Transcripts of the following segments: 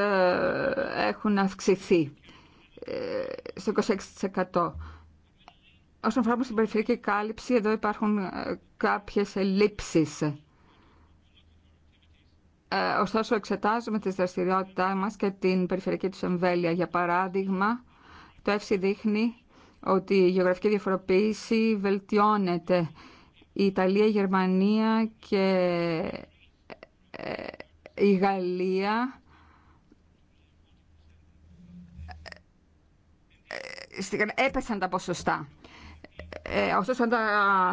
Ε, έχουν αυξηθεί ε, στο 26%. Όσον αφορά την περιφερειακή κάλυψη, εδώ υπάρχουν ε, κάποιες ελλείψεις. Ωστόσο, εξετάζουμε τις δραστηριότητά μας και την περιφερειακή του εμβέλεια. Για παράδειγμα, το ΕΦΣΙ δείχνει ότι η γεωγραφική διαφοροποίηση βελτιώνεται. Η Ιταλία, η Γερμανία και η Γαλλία έπεσαν τα ποσοστά. Ε, ωστόσο, αν τα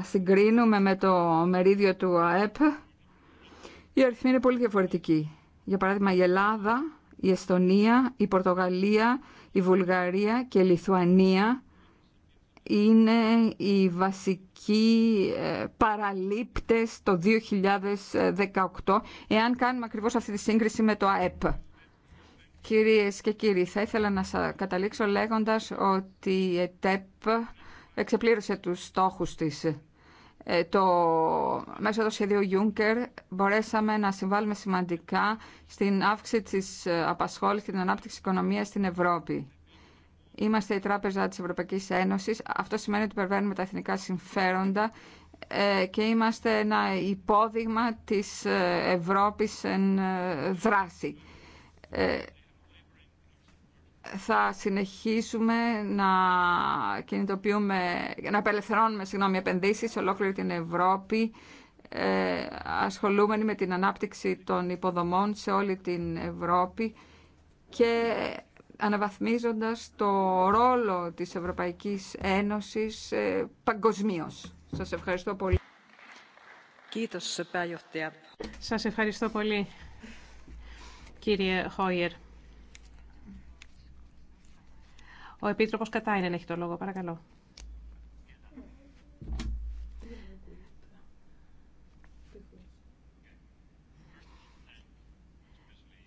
συγκρίνουμε με το μερίδιο του ΑΕΠ, η αριθμοί είναι πολύ διαφορετική. Για παράδειγμα, η Ελλάδα, η Εστονία, η Πορτογαλία, η Βουλγαρία και η Λιθουανία είναι οι βασικοί ε, παραλήπτες το 2018, εάν κάνουμε ακριβώς αυτή τη σύγκριση με το ΑΕΠ. Κυρίες και κύριοι, θα ήθελα να σας καταλήξω λέγοντας ότι η ΕΤΕΠ εξεπλήρωσε τους στόχους της. Ε, το, μέσω του σχεδίου Juncker μπορέσαμε να συμβάλλουμε σημαντικά στην αύξηση της απασχόλησης και την ανάπτυξη οικονομίας στην Ευρώπη. Είμαστε η Τράπεζα της Ευρωπαϊκής Ένωσης. Αυτό σημαίνει ότι υπερβαίνουμε τα εθνικά συμφέροντα ε, και είμαστε ένα υπόδειγμα της ε, Ευρώπης εν δράση θα συνεχίσουμε να κινητοποιούμε, να απελευθερώνουμε συγγνώμη, επενδύσεις σε ολόκληρη την Ευρώπη ε, ασχολούμενοι με την ανάπτυξη των υποδομών σε όλη την Ευρώπη και αναβαθμίζοντας το ρόλο της Ευρωπαϊκής Ένωσης ε, παγκοσμίως. Σας ευχαριστώ πολύ. Σας ευχαριστώ πολύ, κύριε Χόιερ. Ο Επίτροπος Κατάινεν έχει το λόγο, παρακαλώ.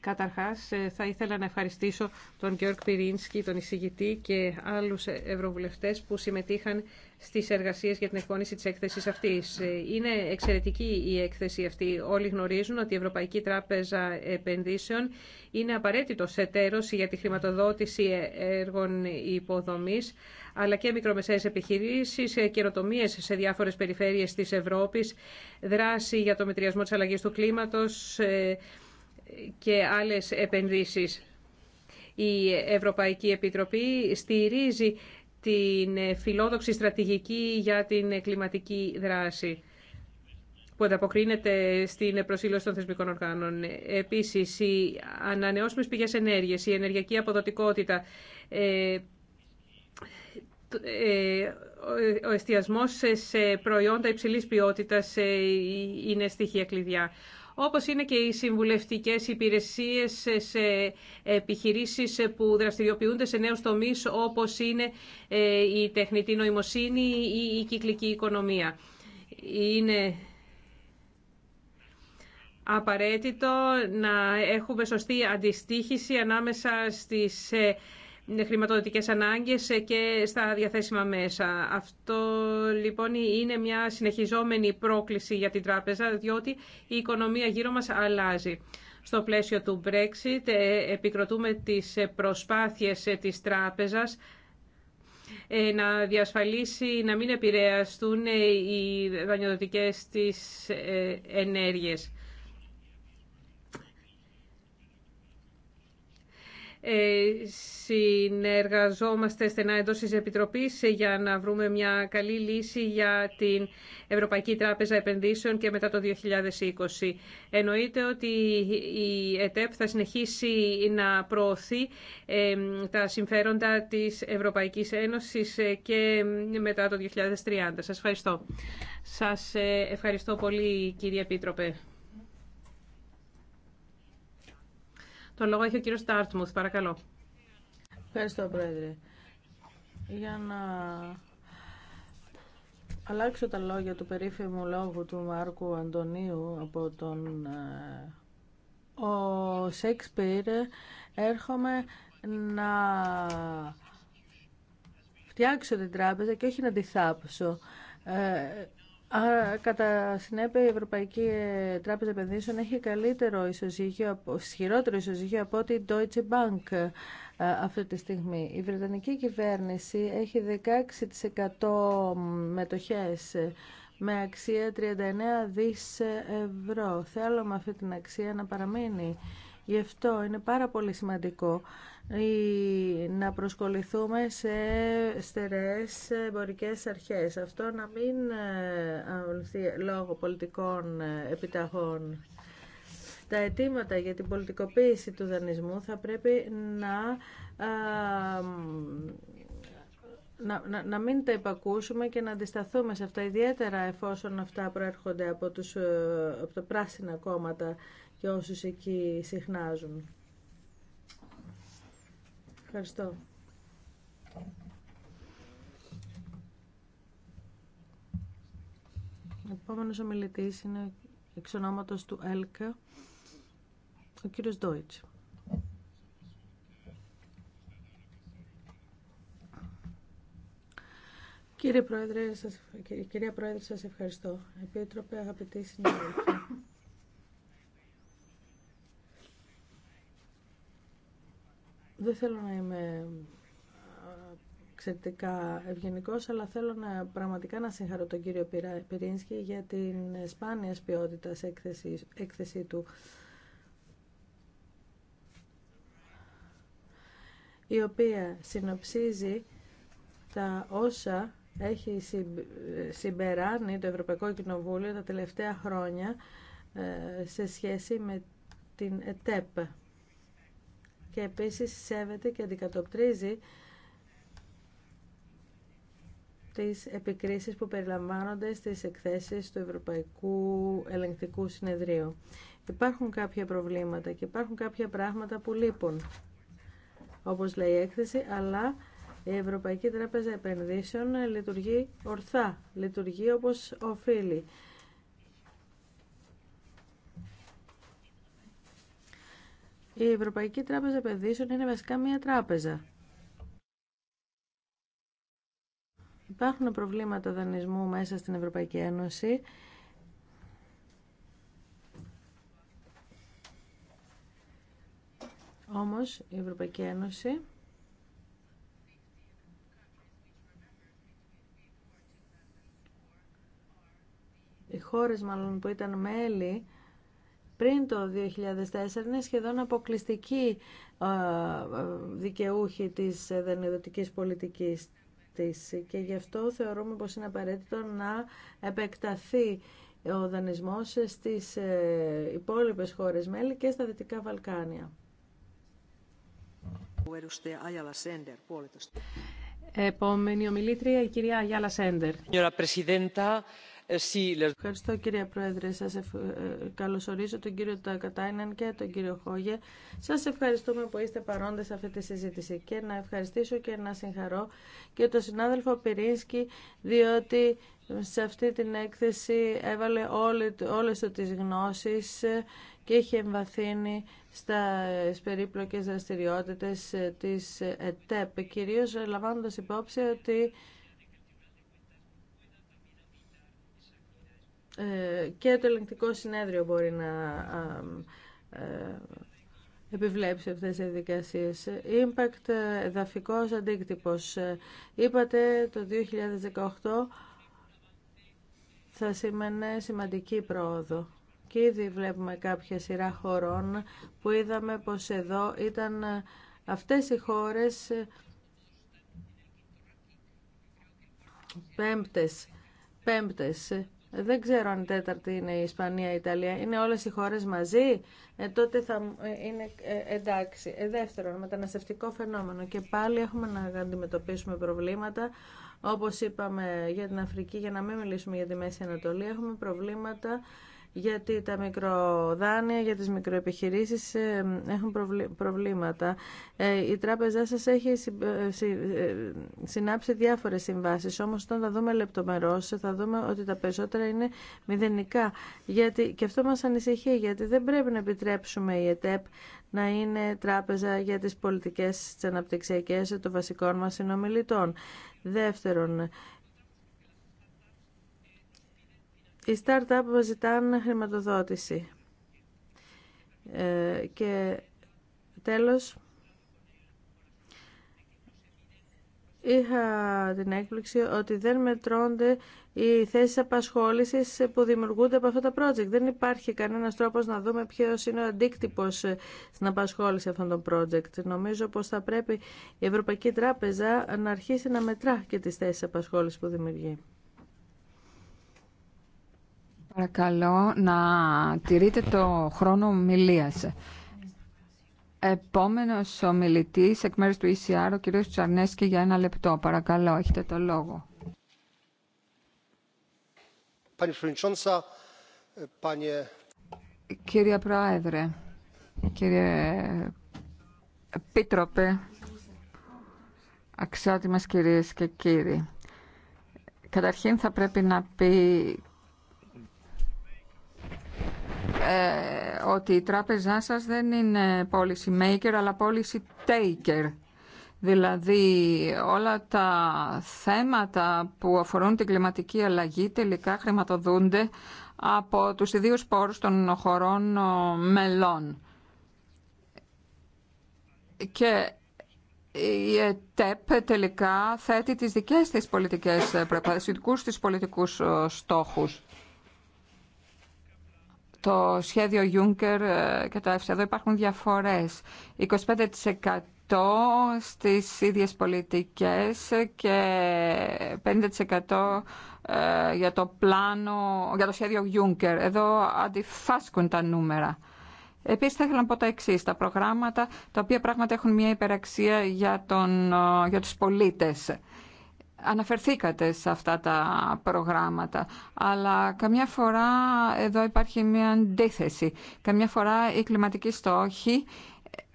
Καταρχάς, ε, θα ήθελα να ευχαριστήσω τον Γιώργ Πυρίνσκι, τον εισηγητή και άλλους ευρωβουλευτές που συμμετείχαν στις εργασίες για την εκπόνηση της έκθεσης αυτής. Ε, είναι εξαιρετική η έκθεση αυτή. Όλοι γνωρίζουν ότι η Ευρωπαϊκή Τράπεζα Επενδύσεων είναι απαραίτητο εταίρος για τη χρηματοδότηση έργων υποδομής, αλλά και μικρομεσαίες επιχειρήσεις, ε, καινοτομίε σε διάφορες περιφέρειες της Ευρώπης, δράση για το μετριασμό της αλλαγής του κλίματος, και άλλες επενδύσεις. Η Ευρωπαϊκή Επιτροπή στηρίζει την φιλόδοξη στρατηγική για την κλιματική δράση που ανταποκρίνεται στην προσήλωση των θεσμικών οργάνων. Επίσης, οι ανανεώσιμες πηγές ενέργειας, η ενεργειακή αποδοτικότητα, ε, ε, ο εστιασμός σε προϊόντα υψηλής ποιότητας ε, είναι στοιχεία κλειδιά όπως είναι και οι συμβουλευτικές υπηρεσίες σε επιχειρήσεις που δραστηριοποιούνται σε νέους τομείς, όπως είναι ε, η τεχνητή νοημοσύνη ή η κυκλική οικονομία. Είναι απαραίτητο να έχουμε σωστή αντιστοίχηση ανάμεσα στις ε, χρηματοδοτικές ανάγκες και στα διαθέσιμα μέσα. Αυτό λοιπόν είναι μια συνεχιζόμενη πρόκληση για την τράπεζα, διότι η οικονομία γύρω μας αλλάζει. Στο πλαίσιο του Brexit ε, επικροτούμε τις προσπάθειες ε, της τράπεζας ε, να διασφαλίσει να μην επηρεαστούν οι δανειοδοτικές της ενέργειες. Ε, συνεργαζόμαστε στενά εντός της Επιτροπής για να βρούμε μια καλή λύση για την Ευρωπαϊκή Τράπεζα Επενδύσεων και μετά το 2020. Εννοείται ότι η ΕΤΕΠ θα συνεχίσει να προωθεί τα συμφέροντα της Ευρωπαϊκής Ένωσης ε, και μετά το 2030. Σας ευχαριστώ. Σας ε, ευχαριστώ πολύ κύριε Επίτροπε. Το λόγο έχει ο κύριος Στάρτμουθ, παρακαλώ. Ευχαριστώ, Πρόεδρε. Για να αλλάξω τα λόγια του περίφημου λόγου του Μάρκου Αντωνίου από τον ε, ο Σέξπιρ, έρχομαι να φτιάξω την τράπεζα και όχι να τη θάψω. Ε, κατά συνέπεια, η Ευρωπαϊκή Τράπεζα Επενδύσεων έχει καλύτερο ισοζύγιο, ισχυρότερο ισοζύγιο από ότι η Deutsche Bank ε, αυτή τη στιγμή. Η Βρετανική κυβέρνηση έχει 16% μετοχές με αξία 39 δις ευρώ. με αυτή την αξία να παραμείνει. Γι' αυτό είναι πάρα πολύ σημαντικό ή να προσκοληθούμε σε στερεές εμπορικές αρχές. Αυτό να μην ε, λόγω πολιτικών ε, επιταγών. Τα αιτήματα για την πολιτικοποίηση του δανεισμού θα πρέπει να να, να, μην τα υπακούσουμε και να αντισταθούμε σε αυτά, ιδιαίτερα εφόσον αυτά προέρχονται από, τους, ε, από τα πράσινα κόμματα και όσους εκεί συχνάζουν. Ευχαριστώ. Ο επόμενος ομιλητής είναι εξ ονόματος του ΕΛΚΑ, ο κύριος Ντόιτς. Κύριε Πρόεδρε, σας, κυρία Πρόεδρε, σας ευχαριστώ. Επίτροπε, αγαπητοί συνάδελφοι. Δεν θέλω να είμαι εξαιρετικά ευγενικό, αλλά θέλω να, πραγματικά να συγχαρώ τον κύριο Πυρίνσκι για την σπάνια ποιότητα έκθεση, έκθεση του. η οποία συνοψίζει τα όσα έχει συμπεράνει το Ευρωπαϊκό Κοινοβούλιο τα τελευταία χρόνια ε, σε σχέση με την ΕΤΕΠ και επίσης σέβεται και αντικατοπτρίζει τις επικρίσεις που περιλαμβάνονται στις εκθέσεις του Ευρωπαϊκού Ελεγκτικού Συνεδρίου. Υπάρχουν κάποια προβλήματα και υπάρχουν κάποια πράγματα που λείπουν, όπως λέει η έκθεση, αλλά η Ευρωπαϊκή Τράπεζα Επενδύσεων λειτουργεί ορθά, λειτουργεί όπως οφείλει. Η Ευρωπαϊκή Τράπεζα Επενδύσεων είναι βασικά μια τράπεζα. Υπάρχουν προβλήματα δανεισμού μέσα στην Ευρωπαϊκή Ένωση. Όμως η Ευρωπαϊκή Ένωση οι χώρες μάλλον που ήταν μέλη πριν το 2004 είναι σχεδόν αποκλειστική ε, δικαιούχη της δανειοδοτικής πολιτικής της και γι' αυτό θεωρούμε πως είναι απαραίτητο να επεκταθεί ο δανεισμός στις ε, υπόλοιπες χώρες μέλη και στα Δυτικά Βαλκάνια. Επόμενη ομιλήτρια, η κυρία Αγιάλα Σέντερ. Ευχαριστώ κύριε Πρόεδρε. Σας ε, καλωσορίζω τον κύριο Τακατάιναν και τον κύριο Χόγε. Σας ευχαριστούμε που είστε παρόντες σε αυτή τη συζήτηση και να ευχαριστήσω και να συγχαρώ και τον συνάδελφο Πυρίνσκι διότι σε αυτή την έκθεση έβαλε όλη, όλες τις γνώσεις και είχε εμβαθύνει στα περίπλοκες δραστηριότητες της ΕΤΕΠ, κυρίως λαμβάνοντας υπόψη ότι Ε, και το ελεγκτικό συνέδριο μπορεί να ε, επιβλέψει αυτές τις διαδικασίες. Impact εδαφικός αντίκτυπος. Είπατε το 2018 θα σημαίνει σημαντική πρόοδο. Και ήδη βλέπουμε κάποια σειρά χωρών που είδαμε πως εδώ ήταν αυτές οι χώρες πέμπτες, πέμπτες δεν ξέρω αν η τέταρτη είναι η Ισπανία, η Ιταλία. Είναι όλες οι χώρες μαζί. Ε, τότε θα ε, είναι ε, εντάξει. Ε, δεύτερον, μεταναστευτικό φαινόμενο. Και πάλι έχουμε να αντιμετωπίσουμε προβλήματα. Όπως είπαμε για την Αφρική, για να μην μιλήσουμε για τη Μέση Ανατολή, έχουμε προβλήματα γιατί τα μικροδάνεια για τις μικροεπιχειρήσεις ε, έχουν προβλήματα. Ε, η τράπεζά σας έχει ε, συνάψει διάφορες συμβάσεις, όμως όταν τα δούμε λεπτομερώς θα δούμε ότι τα περισσότερα είναι μηδενικά. Γιατί, και αυτό μας ανησυχεί, γιατί δεν πρέπει να επιτρέψουμε η ΕΤΕΠ να είναι τράπεζα για τις πολιτικές, τις αναπτυξιακές των βασικών μας συνομιλητών. Δεύτερον, Οι startup ζητάνε χρηματοδότηση. Ε, και τέλος, είχα την έκπληξη ότι δεν μετρώνται οι θέσει απασχόληση που δημιουργούνται από αυτά τα project. Δεν υπάρχει κανένα τρόπο να δούμε ποιο είναι ο αντίκτυπο στην απασχόληση αυτών των project. Νομίζω πω θα πρέπει η Ευρωπαϊκή Τράπεζα να αρχίσει να μετρά και τι θέσει απασχόληση που δημιουργεί. Παρακαλώ να τηρείτε το χρόνο μιλίας. Επόμενος ομιλητής εκ μέρους του ECR, ο κύριος Τσαρνέσκη, για ένα λεπτό. Παρακαλώ, έχετε το λόγο. Κύριε Πρόεδρε, κύριε Επίτροπε, αξιότιμες κυρίες και κύριοι. Καταρχήν θα πρέπει να πει ε, ότι η τράπεζά σας δεν είναι policy maker αλλά policy taker. Δηλαδή όλα τα θέματα που αφορούν την κλιματική αλλαγή τελικά χρηματοδούνται από τους ιδίους πόρους των χωρών μελών. Και η ΕΤΕΠ τελικά θέτει τις δικές της πολιτικές, ε, τους τις της πολιτικούς ε, στόχους το σχέδιο Juncker ε, και το ΕΦΣΑ. Εδώ υπάρχουν διαφορές. 25% στις ίδιες πολιτικές και 50% ε, για το πλάνο, για το σχέδιο Juncker. Εδώ αντιφάσκουν τα νούμερα. Επίσης θα ήθελα να πω τα εξή τα προγράμματα τα οποία πράγματα έχουν μια υπεραξία για, τον, ε, για τους πολίτες. Αναφερθήκατε σε αυτά τα προγράμματα, αλλά καμιά φορά εδώ υπάρχει μια αντίθεση. Καμιά φορά οι κλιματικοί στόχοι,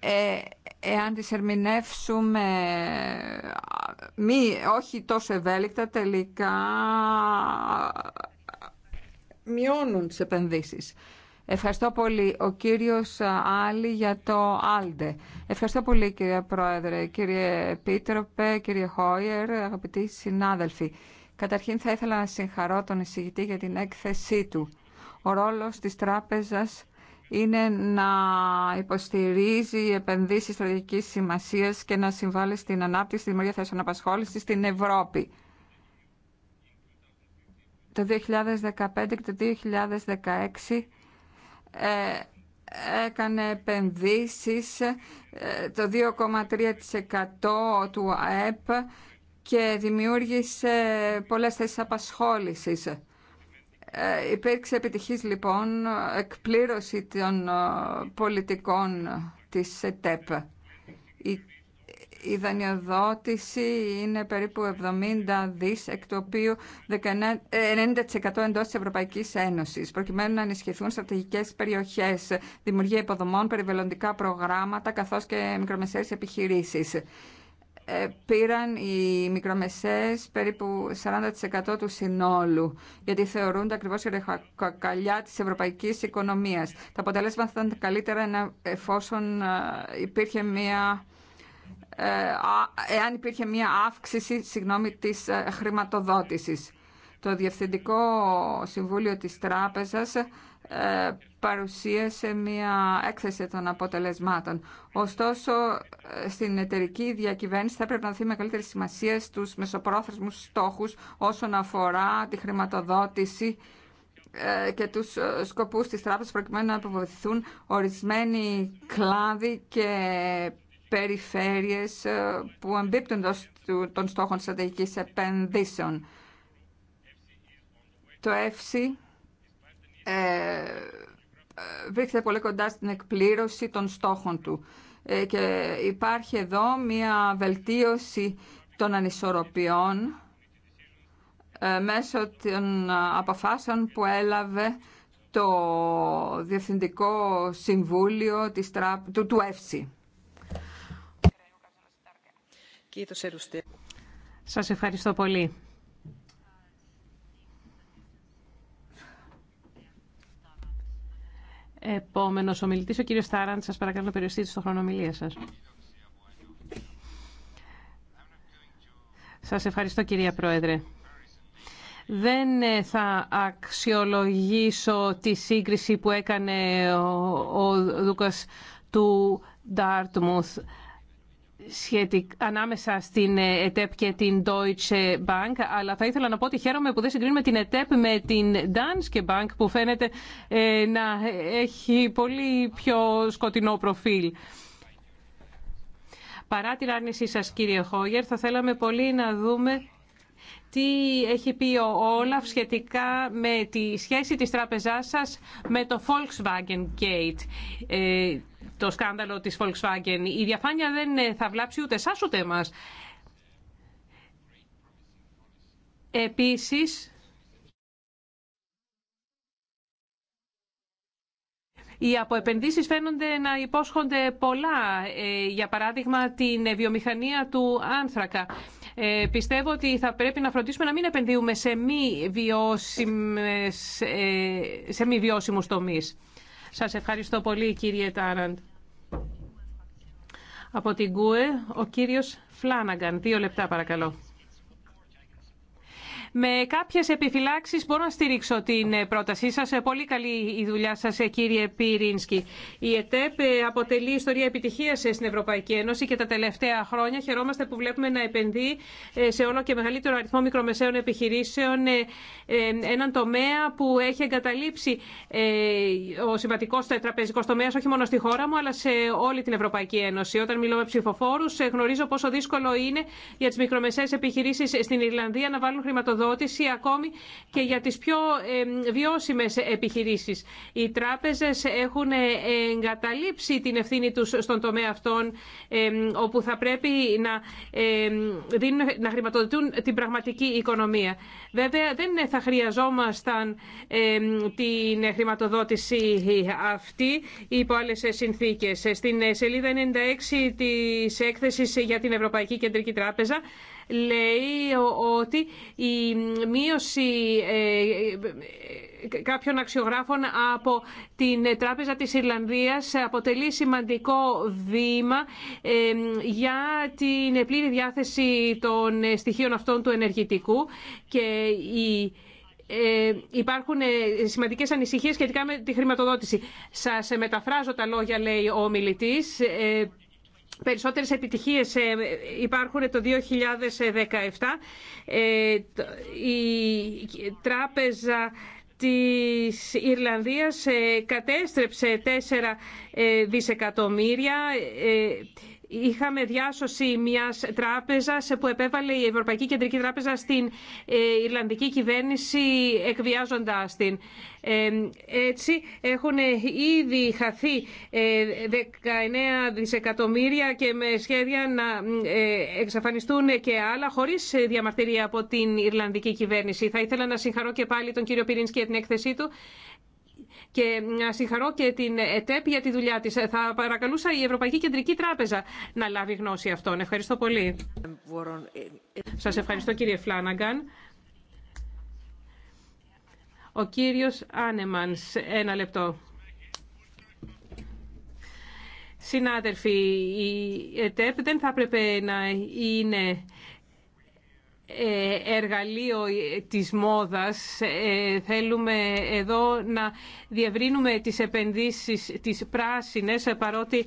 ε, εάν τις ερμηνεύσουμε μη, όχι τόσο ευέλικτα, τελικά μειώνουν τις επενδύσεις. Ευχαριστώ πολύ. Ο κύριος Άλλη για το Άλντε. Ευχαριστώ πολύ κύριε Πρόεδρε, κύριε Επίτροπε, κύριε Χόιερ, αγαπητοί συνάδελφοι. Καταρχήν θα ήθελα να συγχαρώ τον εισηγητή για την έκθεσή του. Ο ρόλος της τράπεζας είναι να υποστηρίζει επενδύσεις στρατηγικής σημασίας και να συμβάλλει στην ανάπτυξη, της δημιουργία θέσεων απασχόλησης στην Ευρώπη το 2015 και το 2016 ε, έκανε επενδύσεις ε, το 2,3% του ΑΕΠ και δημιούργησε πολλές θέσεις απασχόλησης. Ε, υπήρξε επιτυχής λοιπόν εκπλήρωση των πολιτικών της ΕΤΕΠ η δανειοδότηση είναι περίπου 70 δις, εκ του οποίου 90% ε, εντός της Ευρωπαϊκής Ένωσης, προκειμένου να ενισχυθούν στρατηγικές περιοχές, δημιουργία υποδομών, περιβαλλοντικά προγράμματα, καθώς και μικρομεσαίες επιχειρήσεις ε, πήραν οι μικρομεσαίες περίπου 40% του συνόλου, γιατί θεωρούνται ακριβώς η ρεχακαλιά της ευρωπαϊκής οικονομίας. Τα αποτελέσματα θα ήταν καλύτερα εφόσον ε, υπήρχε μια ε, εάν υπήρχε μία αύξηση συγγνώμη, της ε, χρηματοδότησης. Το Διευθυντικό Συμβούλιο της Τράπεζας ε, παρουσίασε μία έκθεση των αποτελεσμάτων. Ωστόσο, στην εταιρική διακυβέρνηση θα πρέπει να δοθεί μεγαλύτερη σημασία στους μεσοπρόθεσμους στόχους όσον αφορά τη χρηματοδότηση και τους σκοπούς της τράπεζας προκειμένου να αποβοηθούν ορισμένοι κλάδοι και περιφέρειες ε, που εμπίπτουν των στόχων στρατηγικής επενδύσεων. Το ΕΦΣΙ ε, βρίσκεται πολύ κοντά στην εκπλήρωση των στόχων του ε, και υπάρχει εδώ μια βελτίωση των ανισορροπιών μέσω των αποφάσεων που έλαβε το Διευθυντικό Συμβούλιο του, του ΕΦΣΙ. Σας ευχαριστώ πολύ. Επόμενος ομιλητής, ο κύριος Στάραντ, Σας παρακαλώ να περιοριστείτε στο χρονομιλία σας. Σας ευχαριστώ κυρία Πρόεδρε. Δεν ε, θα αξιολογήσω τη σύγκριση που έκανε ο, ο Δούκας του Ντάρτμουθ σχετικ... ανάμεσα στην ε, ΕΤΕΠ και την Deutsche Bank, αλλά θα ήθελα να πω ότι χαίρομαι που δεν συγκρίνουμε την ΕΤΕΠ με την Danske Bank, που φαίνεται ε, να έχει πολύ πιο σκοτεινό προφίλ. Παρά την άρνησή σας, κύριε Χόγερ, θα θέλαμε πολύ να δούμε τι έχει πει ο Όλαφ σχετικά με τη σχέση της τράπεζάς σας με το Volkswagen Gate. Ε, το σκάνδαλο της Volkswagen. Η διαφάνεια δεν ε, θα βλάψει ούτε εσάς ούτε εμάς. Επίσης, Οι αποεπενδύσεις φαίνονται να υπόσχονται πολλά, ε, για παράδειγμα την ε, βιομηχανία του άνθρακα. Πιστεύω ότι θα πρέπει να φροντίσουμε να μην επενδύουμε σε μη, βιώσιμες, σε μη βιώσιμους τομείς. Σας ευχαριστώ πολύ κύριε Τάραντ. Από την ΚΟΕ, ο κύριος Φλάναγκαν. Δύο λεπτά παρακαλώ. Με κάποιε επιφυλάξει μπορώ να στηρίξω την ε, πρότασή Σα ε, Πολύ καλή η δουλειά σα, ε, κύριε Πυρίνσκι. Η ΕΤΕΠ αποτελεί ιστορία επιτυχίας στην Ευρωπαϊκή Ένωση και τα τελευταία χρόνια χαιρόμαστε που βλέπουμε να επενδύει σε όλο και μεγαλύτερο αριθμό μικρομεσαίων επιχειρήσεων έναν τομέα που έχει εγκαταλείψει ο σημαντικό τραπεζικό τομέα όχι μόνο στη χώρα μου αλλά σε όλη την Ευρωπαϊκή Ένωση. Όταν μιλώ με ψηφοφόρου γνωρίζω πόσο δύσκολο είναι για τι μικρομεσαίε επιχειρήσει στην Ιρλανδία να βάλουν χρηματοδότηση ακόμη και για τις πιο βιώσιμες επιχειρήσεις. Οι τράπεζες έχουν ε, εγκαταλείψει την ευθύνη τους στον τομέα αυτών όπου θα πρέπει να, δίνουν, να χρηματοδοτούν την πραγματική οικονομία. Βέβαια δεν θα χρειαζόμασταν την χρηματοδότηση αυτή υπό άλλες συνθήκες. Στην σελίδα 96 της έκθεσης για την Ευρωπαϊκή Κεντρική Τράπεζα λέει ότι η μείωση ε, κάποιων αξιογράφων από την Τράπεζα της Ιρλανδίας αποτελεί σημαντικό βήμα ε, για την πλήρη διάθεση των ε, στοιχείων αυτών του ενεργητικού και η υπάρχουν σημαντικές ανησυχίες σχετικά με τη χρηματοδότηση. Σας μεταφράζω τα λόγια, λέει ο μιλητής. Περισσότερες επιτυχίες ε, υπάρχουν ε, το 2017. Ε, η τράπεζα της Ιρλανδίας κατέστρεψε 4 δισεκατομμύρια Είχαμε διάσωση μιας τράπεζας που επέβαλε η Ευρωπαϊκή Κεντρική Τράπεζα στην ε, Ιρλανδική κυβέρνηση εκβιάζοντάς την. Ε, έτσι έχουν ε, ήδη χαθεί 19 δισεκατομμύρια και με σχέδια να εξαφανιστούν και άλλα χωρίς διαμαρτυρία από την Ιρλανδική κυβέρνηση. Θα ήθελα να συγχαρώ και πάλι τον κύριο Πυρίνσκι για την έκθεσή του και να ε, συγχαρώ και την ΕΤΕΠ για τη δουλειά της. Ε, θα παρακαλούσα η Ευρωπαϊκή Κεντρική Τράπεζα να λάβει γνώση αυτών. Ευχαριστώ πολύ. Σας ευχαριστώ κύριε Φλάναγκαν. Ο κύριος Άνεμανς, ένα λεπτό. Συνάδελφοι, η ΕΤΕΠ δεν θα έπρεπε να είναι ε, εργαλείο ε, της μόδας. Ε, θέλουμε εδώ να διευρύνουμε τις επενδύσεις τις πράσινες παρότι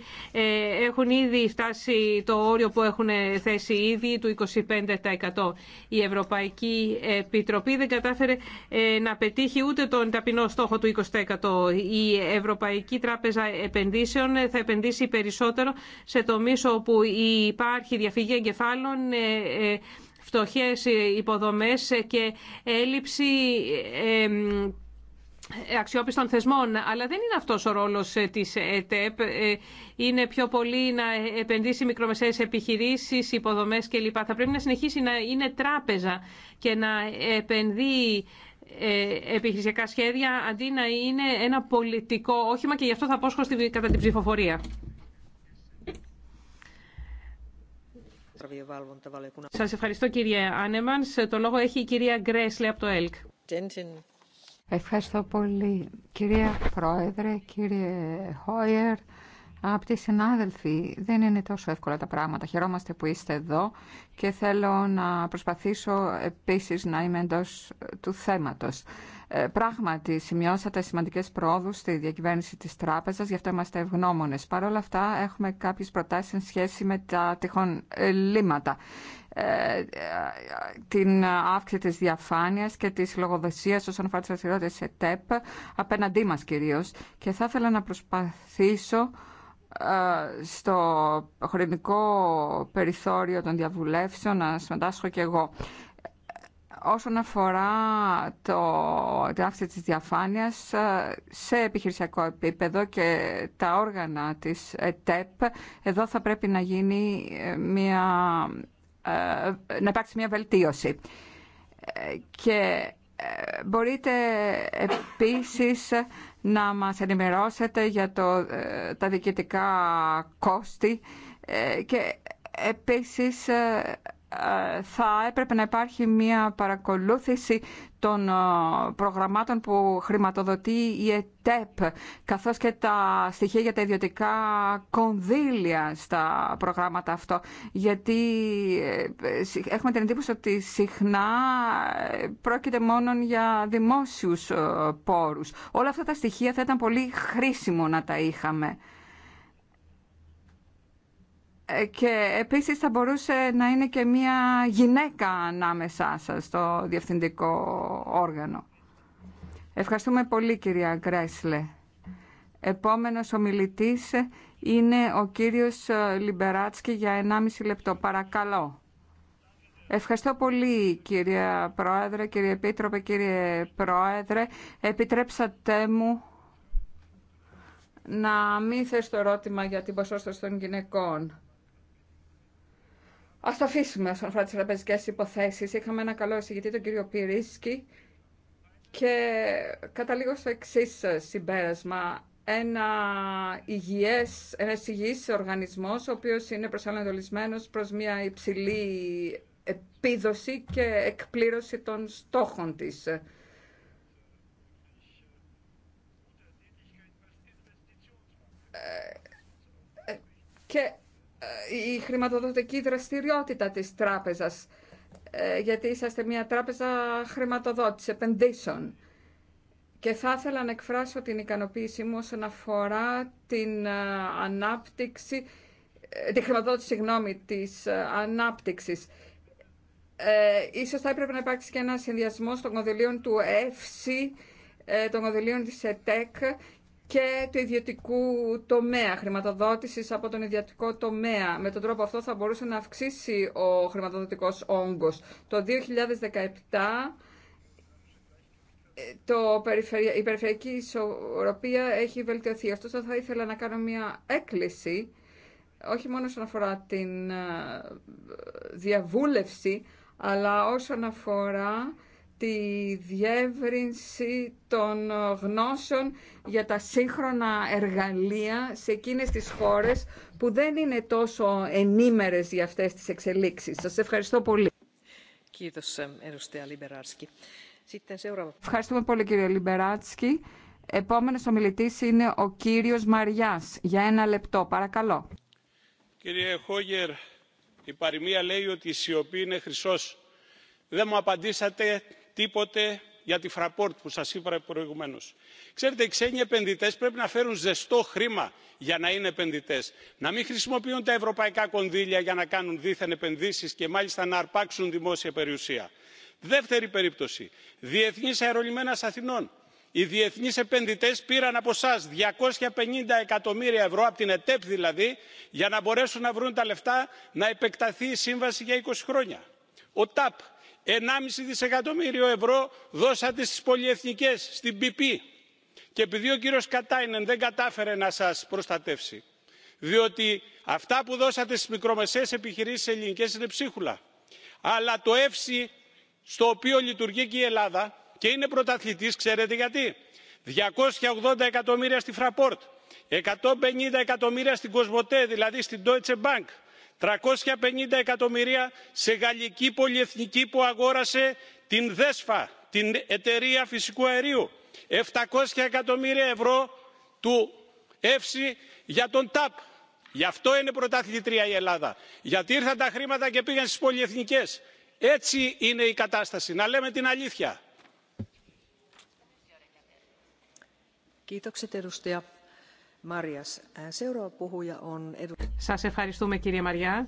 έχουν ήδη φτάσει το όριο που έχουν θέσει ήδη του 25%. Η Ευρωπαϊκή Επιτροπή δεν κατάφερε να πετύχει ούτε τον ταπεινό στόχο του 20%. Η Ευρωπαϊκή Τράπεζα Επενδύσεων θα επενδύσει περισσότερο σε τομείς όπου υπάρχει διαφυγή εγκεφάλων φτωχές υποδομές και έλλειψη αξιόπιστων θεσμών. Αλλά δεν είναι αυτός ο ρόλος ε, της ΕΤΕΠ. Ε, είναι πιο πολύ να επενδύσει μικρομεσαίες επιχειρήσεις, υποδομές κλπ. Θα πρέπει να συνεχίσει να είναι τράπεζα και να επενδύει ε, επιχειρησιακά σχέδια αντί να είναι ένα πολιτικό όχημα και γι' αυτό θα πόσχω κατά την ψηφοφορία. Σας ευχαριστώ κύριε Άνεμαν. Το λόγο έχει η κυρία Γκρέσλε από το ΕΛΚ. Ευχαριστώ πολύ. Κυρία Πρόεδρε, κύριε Χόιερ, Αγαπητοί συνάδελφοι, δεν είναι τόσο εύκολα τα πράγματα. Χαιρόμαστε που είστε εδώ και θέλω να προσπαθήσω επίσης να είμαι εντό του θέματος. Ε, πράγματι, σημειώσατε σημαντικές πρόοδους στη διακυβέρνηση της τράπεζας, γι' αυτό είμαστε ευγνώμονες. Παρ' όλα αυτά, έχουμε κάποιες προτάσεις σε σχέση με τα τυχόν ε, λύματα ε, την αύξηση της διαφάνειας και της λογοδοσίας όσον αφορά τις σε τεπ, απέναντί μας κυρίως και θα ήθελα να προσπαθήσω στο χρονικό περιθώριο των διαβουλεύσεων να συμμετάσχω και εγώ. Όσον αφορά το, την αύξηση της διαφάνειας, σε επιχειρησιακό επίπεδο και τα όργανα της ΕΤΕΠ, εδώ θα πρέπει να, γίνει ε, μια, ε, να υπάρξει μια βελτίωση. Ε, και μπορείτε επίσης να μας ενημερώσετε για το, ε, τα διοικητικά κόστη ε, και επίσης ε, θα έπρεπε να υπάρχει μια παρακολούθηση των ε, προγραμμάτων που χρηματοδοτεί η ΕΤΕΠ καθώς και τα στοιχεία για τα ιδιωτικά κονδύλια στα προγράμματα αυτό γιατί ε, ε, έχουμε την εντύπωση ότι συχνά πρόκειται μόνο για δημόσιους πόρους. Όλα αυτά τα στοιχεία θα ήταν πολύ χρήσιμο να τα είχαμε και επίσης θα μπορούσε να είναι και μια γυναίκα ανάμεσά σας στο διευθυντικό όργανο. Ευχαριστούμε πολύ κυρία Γκρέσλε. Επόμενος ομιλητής είναι ο κύριος Λιμπεράτσκι για 1,5 λεπτό. Παρακαλώ. Ευχαριστώ πολύ κύριε Πρόεδρε, κύριε Επίτροπε, κύριε Πρόεδρε. Επιτρέψατε μου να μην θες το ερώτημα για την ποσότητα των γυναικών. Α το αφήσουμε όσον αφορά τι τραπεζικέ υποθέσει. Είχαμε ένα καλό εισηγητή, τον κύριο Πυρίσκη, και καταλήγω στο εξή συμπέρασμα. Ένα υγιές, ένα υγιής οργανισμός, ο οποίος είναι προσανατολισμένος προς μια υψηλή επίδοση και εκπλήρωση των στόχων της. Ε, ε, και ε, η χρηματοδοτική δραστηριότητα της τράπεζας, ε, γιατί είσαστε μια τράπεζα χρηματοδότηση επενδύσεων. Και θα ήθελα να εκφράσω την ικανοποίησή μου όσον αφορά την ε, ανάπτυξη, τη χρηματοδότηση, συγγνώμη, της ανάπτυξης. Ε, ίσως θα έπρεπε να υπάρξει και ένα συνδυασμό των κονδυλίων του ΕΦΣΥ, των κονδυλίων της ΕΤΕΚ και του ιδιωτικού τομέα, χρηματοδότησης από τον ιδιωτικό τομέα. Με τον τρόπο αυτό θα μπορούσε να αυξήσει ο χρηματοδοτικός όγκος. Το 2017 ε, το η περιφερειακή ισορροπία έχει βελτιωθεί. Αυτό θα ήθελα να κάνω μια έκκληση, όχι μόνο όσον αφορά την ε, διαβούλευση, αλλά όσον αφορά τη διεύρυνση των γνώσεων για τα σύγχρονα εργαλεία σε εκείνες τις χώρες που δεν είναι τόσο ενήμερες για αυτές τις εξελίξεις. Σας ευχαριστώ πολύ. Ευχαριστούμε πολύ κύριε Λιμπεράτσκι. Επόμενος ομιλητής είναι ο κύριος Μαριάς. Για ένα λεπτό, παρακαλώ. Κύριε Χόγερ, η παροιμία λέει ότι η σιωπή είναι χρυσός. Δεν μου απαντήσατε τίποτε για τη fraport που σας είπα προηγουμένως. Ξέρετε, οι ξένοι επενδυτές πρέπει να φέρουν ζεστό χρήμα για να είναι επενδυτές. Να μην χρησιμοποιούν τα ευρωπαϊκά κονδύλια για να κάνουν δίθεν επενδύσεις και μάλιστα να αρπάξουν δημόσια περιουσία. Δεύτερη περίπτωση. Διεθνής αερολιμένας Αθηνών. Οι διεθνεί επενδυτέ πήραν από εσά 250 εκατομμύρια ευρώ, από την ΕΤΕΠ δηλαδή, για να μπορέσουν να βρουν τα λεφτά να επεκταθεί η σύμβαση για 20 χρόνια. Ο ΤΑΠ, 1,5 δισεκατομμύριο ευρώ δώσατε στις πολυεθνικές στην bp και επειδή ο κύριος κατάινεν δεν κατάφερε να σας προστατεύσει διότι αυτά που δώσατε στις μικρομεσαίες επιχειρήσεις ελληνικές είναι ψίχουλα αλλά το εύση στο οποίο λειτουργεί και η Ελλάδα και είναι πρωταθλητής ξέρετε γιατί 280 εκατομμύρια στη Fraport 150 εκατομμύρια στην Κοσμοτέ δηλαδή στην Deutsche Bank 350 εκατομμύρια σε γαλλική πολυεθνική που αγόρασε την ΔΕΣΦΑ, την εταιρεία φυσικού αερίου. 700 εκατομμύρια ευρώ του ΕΦΣΙ για τον ΤΑΠ. Γι' αυτό είναι πρωταθλητρία η Ελλάδα. Γιατί ήρθαν τα χρήματα και πήγαν στις πολυεθνικές. Έτσι είναι η κατάσταση. Να λέμε την αλήθεια. Σας ευχαριστούμε κύριε Μαριά.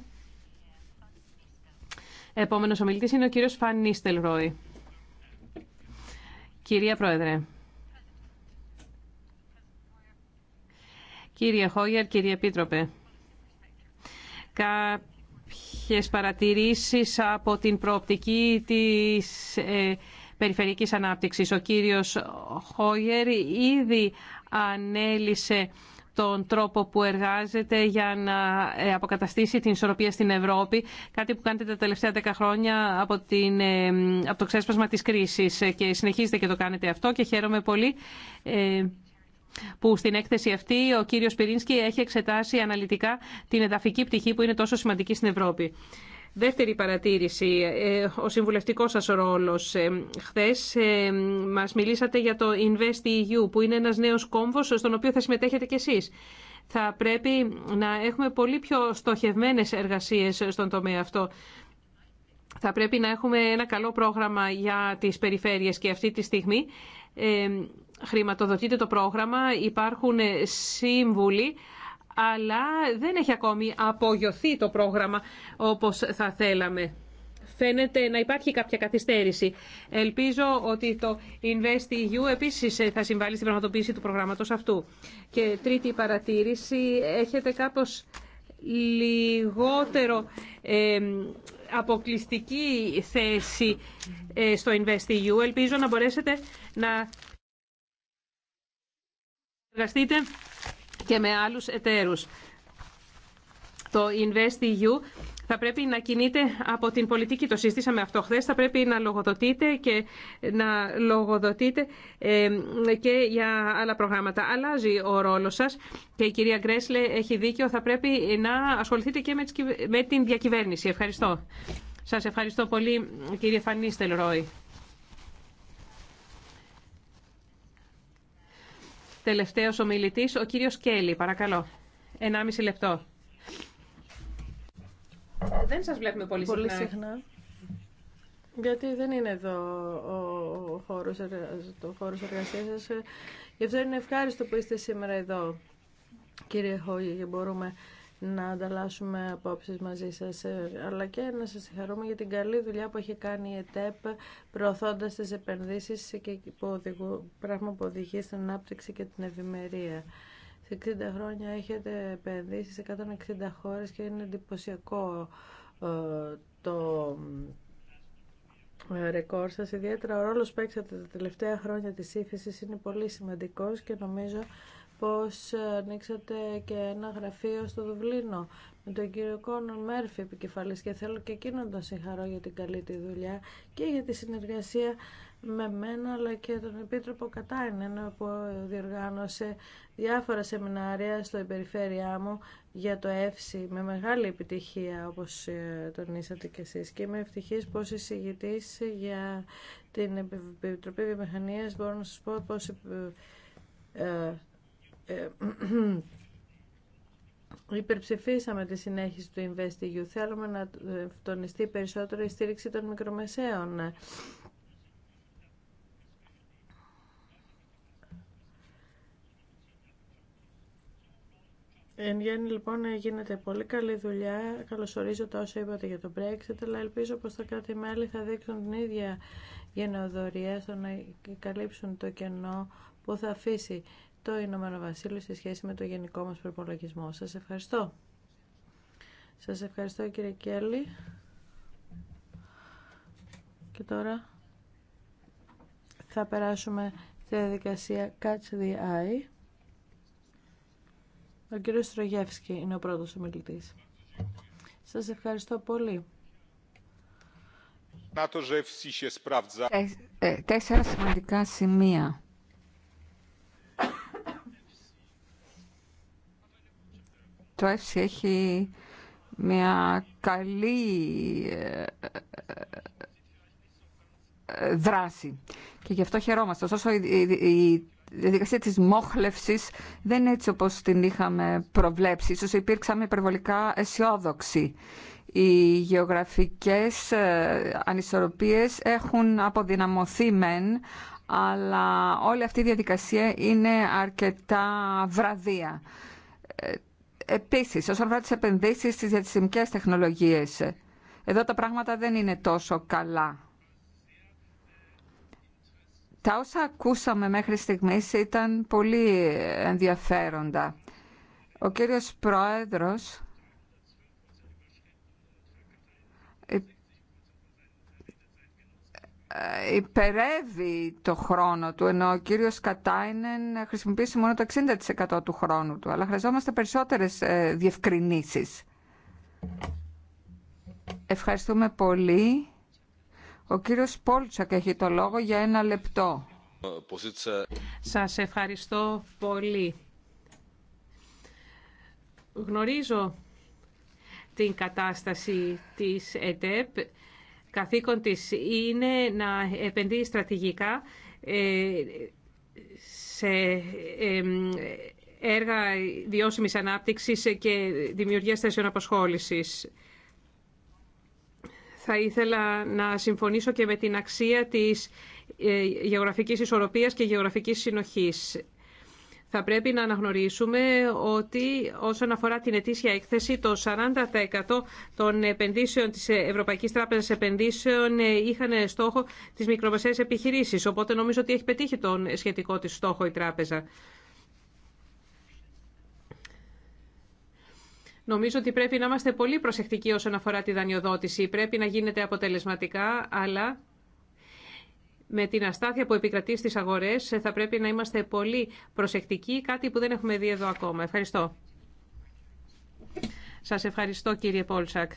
Επόμενος ομιλητής είναι ο κύριος Φανίστελ Ρόι. Κυρία Πρόεδρε. Κύριε Χόγερ, κύριε Επίτροπε. Κάποιες παρατηρήσεις από την προοπτική της ε, περιφερειακής ανάπτυξης. Ο κύριος Χόγερ ήδη ανέλησε τον τρόπο που εργάζεται για να ε, αποκαταστήσει την ισορροπία στην Ευρώπη, κάτι που κάνετε τα τελευταία δέκα χρόνια από, την, ε, από το ξέσπασμα της κρίσης ε, και συνεχίζετε και το κάνετε αυτό και χαίρομαι πολύ που στην έκθεση αυτή ο κύριος Πυρίνσκι έχει εξετάσει αναλυτικά την εδαφική πτυχή που είναι τόσο σημαντική στην Ευρώπη. Δεύτερη παρατήρηση, ε, ο συμβουλευτικός σας ρόλος. Ε, χθες ε, μας μιλήσατε για το EU που είναι ένας νέος κόμβος στον οποίο θα συμμετέχετε κι εσείς. Θα πρέπει να έχουμε πολύ πιο στοχευμένες εργασίες στον τομέα αυτό. Θα πρέπει να έχουμε ένα καλό πρόγραμμα για τις περιφέρειες και αυτή τη στιγμή χρηματοδοτείται το πρόγραμμα, υπάρχουν σύμβουλοι αλλά δεν έχει ακόμη απογειωθεί το πρόγραμμα όπως θα θέλαμε. Φαίνεται να υπάρχει κάποια καθυστέρηση. Ελπίζω ότι το InvestEU επίσης θα συμβάλλει στην πραγματοποίηση του προγράμματος αυτού. Και τρίτη παρατήρηση, έχετε κάπως λιγότερο αποκλειστική θέση ε, στο InvestEU. Ελπίζω να μπορέσετε να εργαστείτε και με άλλους εταίρους. Το InvestEU θα πρέπει να κινείται από την πολιτική. Το συζήτησαμε αυτό χθε. Θα πρέπει να λογοδοτείτε και να λογοδοτείτε και για άλλα προγράμματα. Αλλάζει ο ρόλος σας και η κυρία Γκρέσλε έχει δίκιο. Θα πρέπει να ασχοληθείτε και με την διακυβέρνηση. Ευχαριστώ. Σας ευχαριστώ πολύ κύριε Φανίστελ Ρόι. Τελευταίος ομιλητής, ο κύριος Κέλλη, παρακαλώ. 1,5 λεπτό. Δεν σας βλέπουμε πολύ, πολύ συχνά. Γιατί δεν είναι εδώ ο χώρος, το χώρος εργασίας σας. Γι' αυτό είναι ευχάριστο που είστε σήμερα εδώ, κύριε Χόγη, και μπορούμε να ανταλλάσσουμε απόψει μαζί σα, ε, αλλά και να σα χαρούμε για την καλή δουλειά που έχει κάνει η ΕΤΕΠ προωθώντα τι επενδύσει και που οδηγού, πράγμα που οδηγεί στην ανάπτυξη και την ευημερία. Σε 60 χρόνια έχετε επενδύσει σε 160 χώρε και είναι εντυπωσιακό ε, το ε, ρεκόρ σας. Ιδιαίτερα ο ρόλος που παίξατε τα τελευταία χρόνια της ύφεσης είναι πολύ σημαντικός και νομίζω πως ανοίξατε και ένα γραφείο στο Δουβλίνο με τον κύριο Κόνον Μέρφυ επικεφαλής και θέλω και εκείνον τον συγχαρώ για την καλή τη δουλειά και για τη συνεργασία με μένα αλλά και τον Επίτροπο Κατάινεν που διοργάνωσε διάφορα σεμινάρια στο υπεριφέρειά μου για το ΕΦΣΥ με μεγάλη επιτυχία όπως ε, τονίσατε και εσείς και είμαι ευτυχής πως εισηγητής για την Επιτροπή Βιομηχανίας μπορώ να σας πω πως ε, ε, ε, υπερψηφίσαμε τη συνέχιση του InvestEU. Θέλουμε να ε, τονιστεί περισσότερο η στήριξη των μικρομεσαίων. Εν γέννη λοιπόν γίνεται πολύ καλή δουλειά. Καλωσορίζω τα όσα είπατε για το Brexit, αλλά ελπίζω πως τα κράτη-μέλη θα δείξουν την ίδια γενοδορία στο να καλύψουν το κενό που θα αφήσει το Ηνωμένο Βασίλειο σε σχέση με το γενικό μας προπολογισμό. Σας ευχαριστώ. Σας ευχαριστώ κύριε Κέλλη. Και τώρα θα περάσουμε στη διαδικασία Catch the Eye. Ο κύριος Στρογεύσκη είναι ο πρώτος ομιλητής. Σας ευχαριστώ πολύ. Ε, ε, τέσσερα σημαντικά σημεία το ΕΦΣΙ έχει μια καλή ε, ε, ε, δράση. Και γι' αυτό χαιρόμαστε. Ωστόσο, η διαδικασία της μόχλευσης δεν είναι έτσι όπως την είχαμε προβλέψει. Ίσως υπήρξαμε υπερβολικά αισιόδοξοι. Οι γεωγραφικές ανισορροπίες έχουν αποδυναμωθεί μεν, αλλά όλη αυτή η διαδικασία είναι αρκετά βραδία Επίσης, όσον αφορά τις επενδύσεις στις διατησιμικές τεχνολογίες, εδώ τα πράγματα δεν είναι τόσο καλά. Τα όσα ακούσαμε μέχρι στιγμής ήταν πολύ ενδιαφέροντα. Ο κύριος Πρόεδρος Ε, υπερεύει το χρόνο του, ενώ ο κύριος Κατάινεν χρησιμοποιήσει μόνο το 60% του χρόνου του. Αλλά χρειαζόμαστε περισσότερες ε, διευκρινήσεις. Ευχαριστούμε πολύ. Ο κύριος Πόλτσακ έχει το λόγο για ένα λεπτό. Σας ευχαριστώ πολύ. Γνωρίζω την κατάσταση της ΕΤΕΠ καθήκον της είναι να επενδύει στρατηγικά ε, σε έργα βιώσιμης ανάπτυξης και δημιουργίας θέσεων απασχόλησης. Θα ήθελα να συμφωνήσω και με την αξία της ε, γεωγραφικής ισορροπίας και γεωγραφικής συνοχής θα πρέπει να αναγνωρίσουμε ότι όσον αφορά την ετήσια έκθεση, το 40% των επενδύσεων της Ευρωπαϊκής Τράπεζας Επενδύσεων είχαν στόχο τις μικρομεσαίες επιχειρήσεις. Οπότε νομίζω ότι έχει πετύχει τον σχετικό της στόχο η τράπεζα. Νομίζω ότι πρέπει να είμαστε πολύ προσεκτικοί όσον αφορά τη δανειοδότηση. Πρέπει να γίνεται αποτελεσματικά, αλλά με την αστάθεια που επικρατεί στις αγορές ε, θα πρέπει να είμαστε πολύ προσεκτικοί, κάτι που δεν έχουμε δει εδώ ακόμα. Ευχαριστώ. Σας ευχαριστώ κύριε Πόλσακ.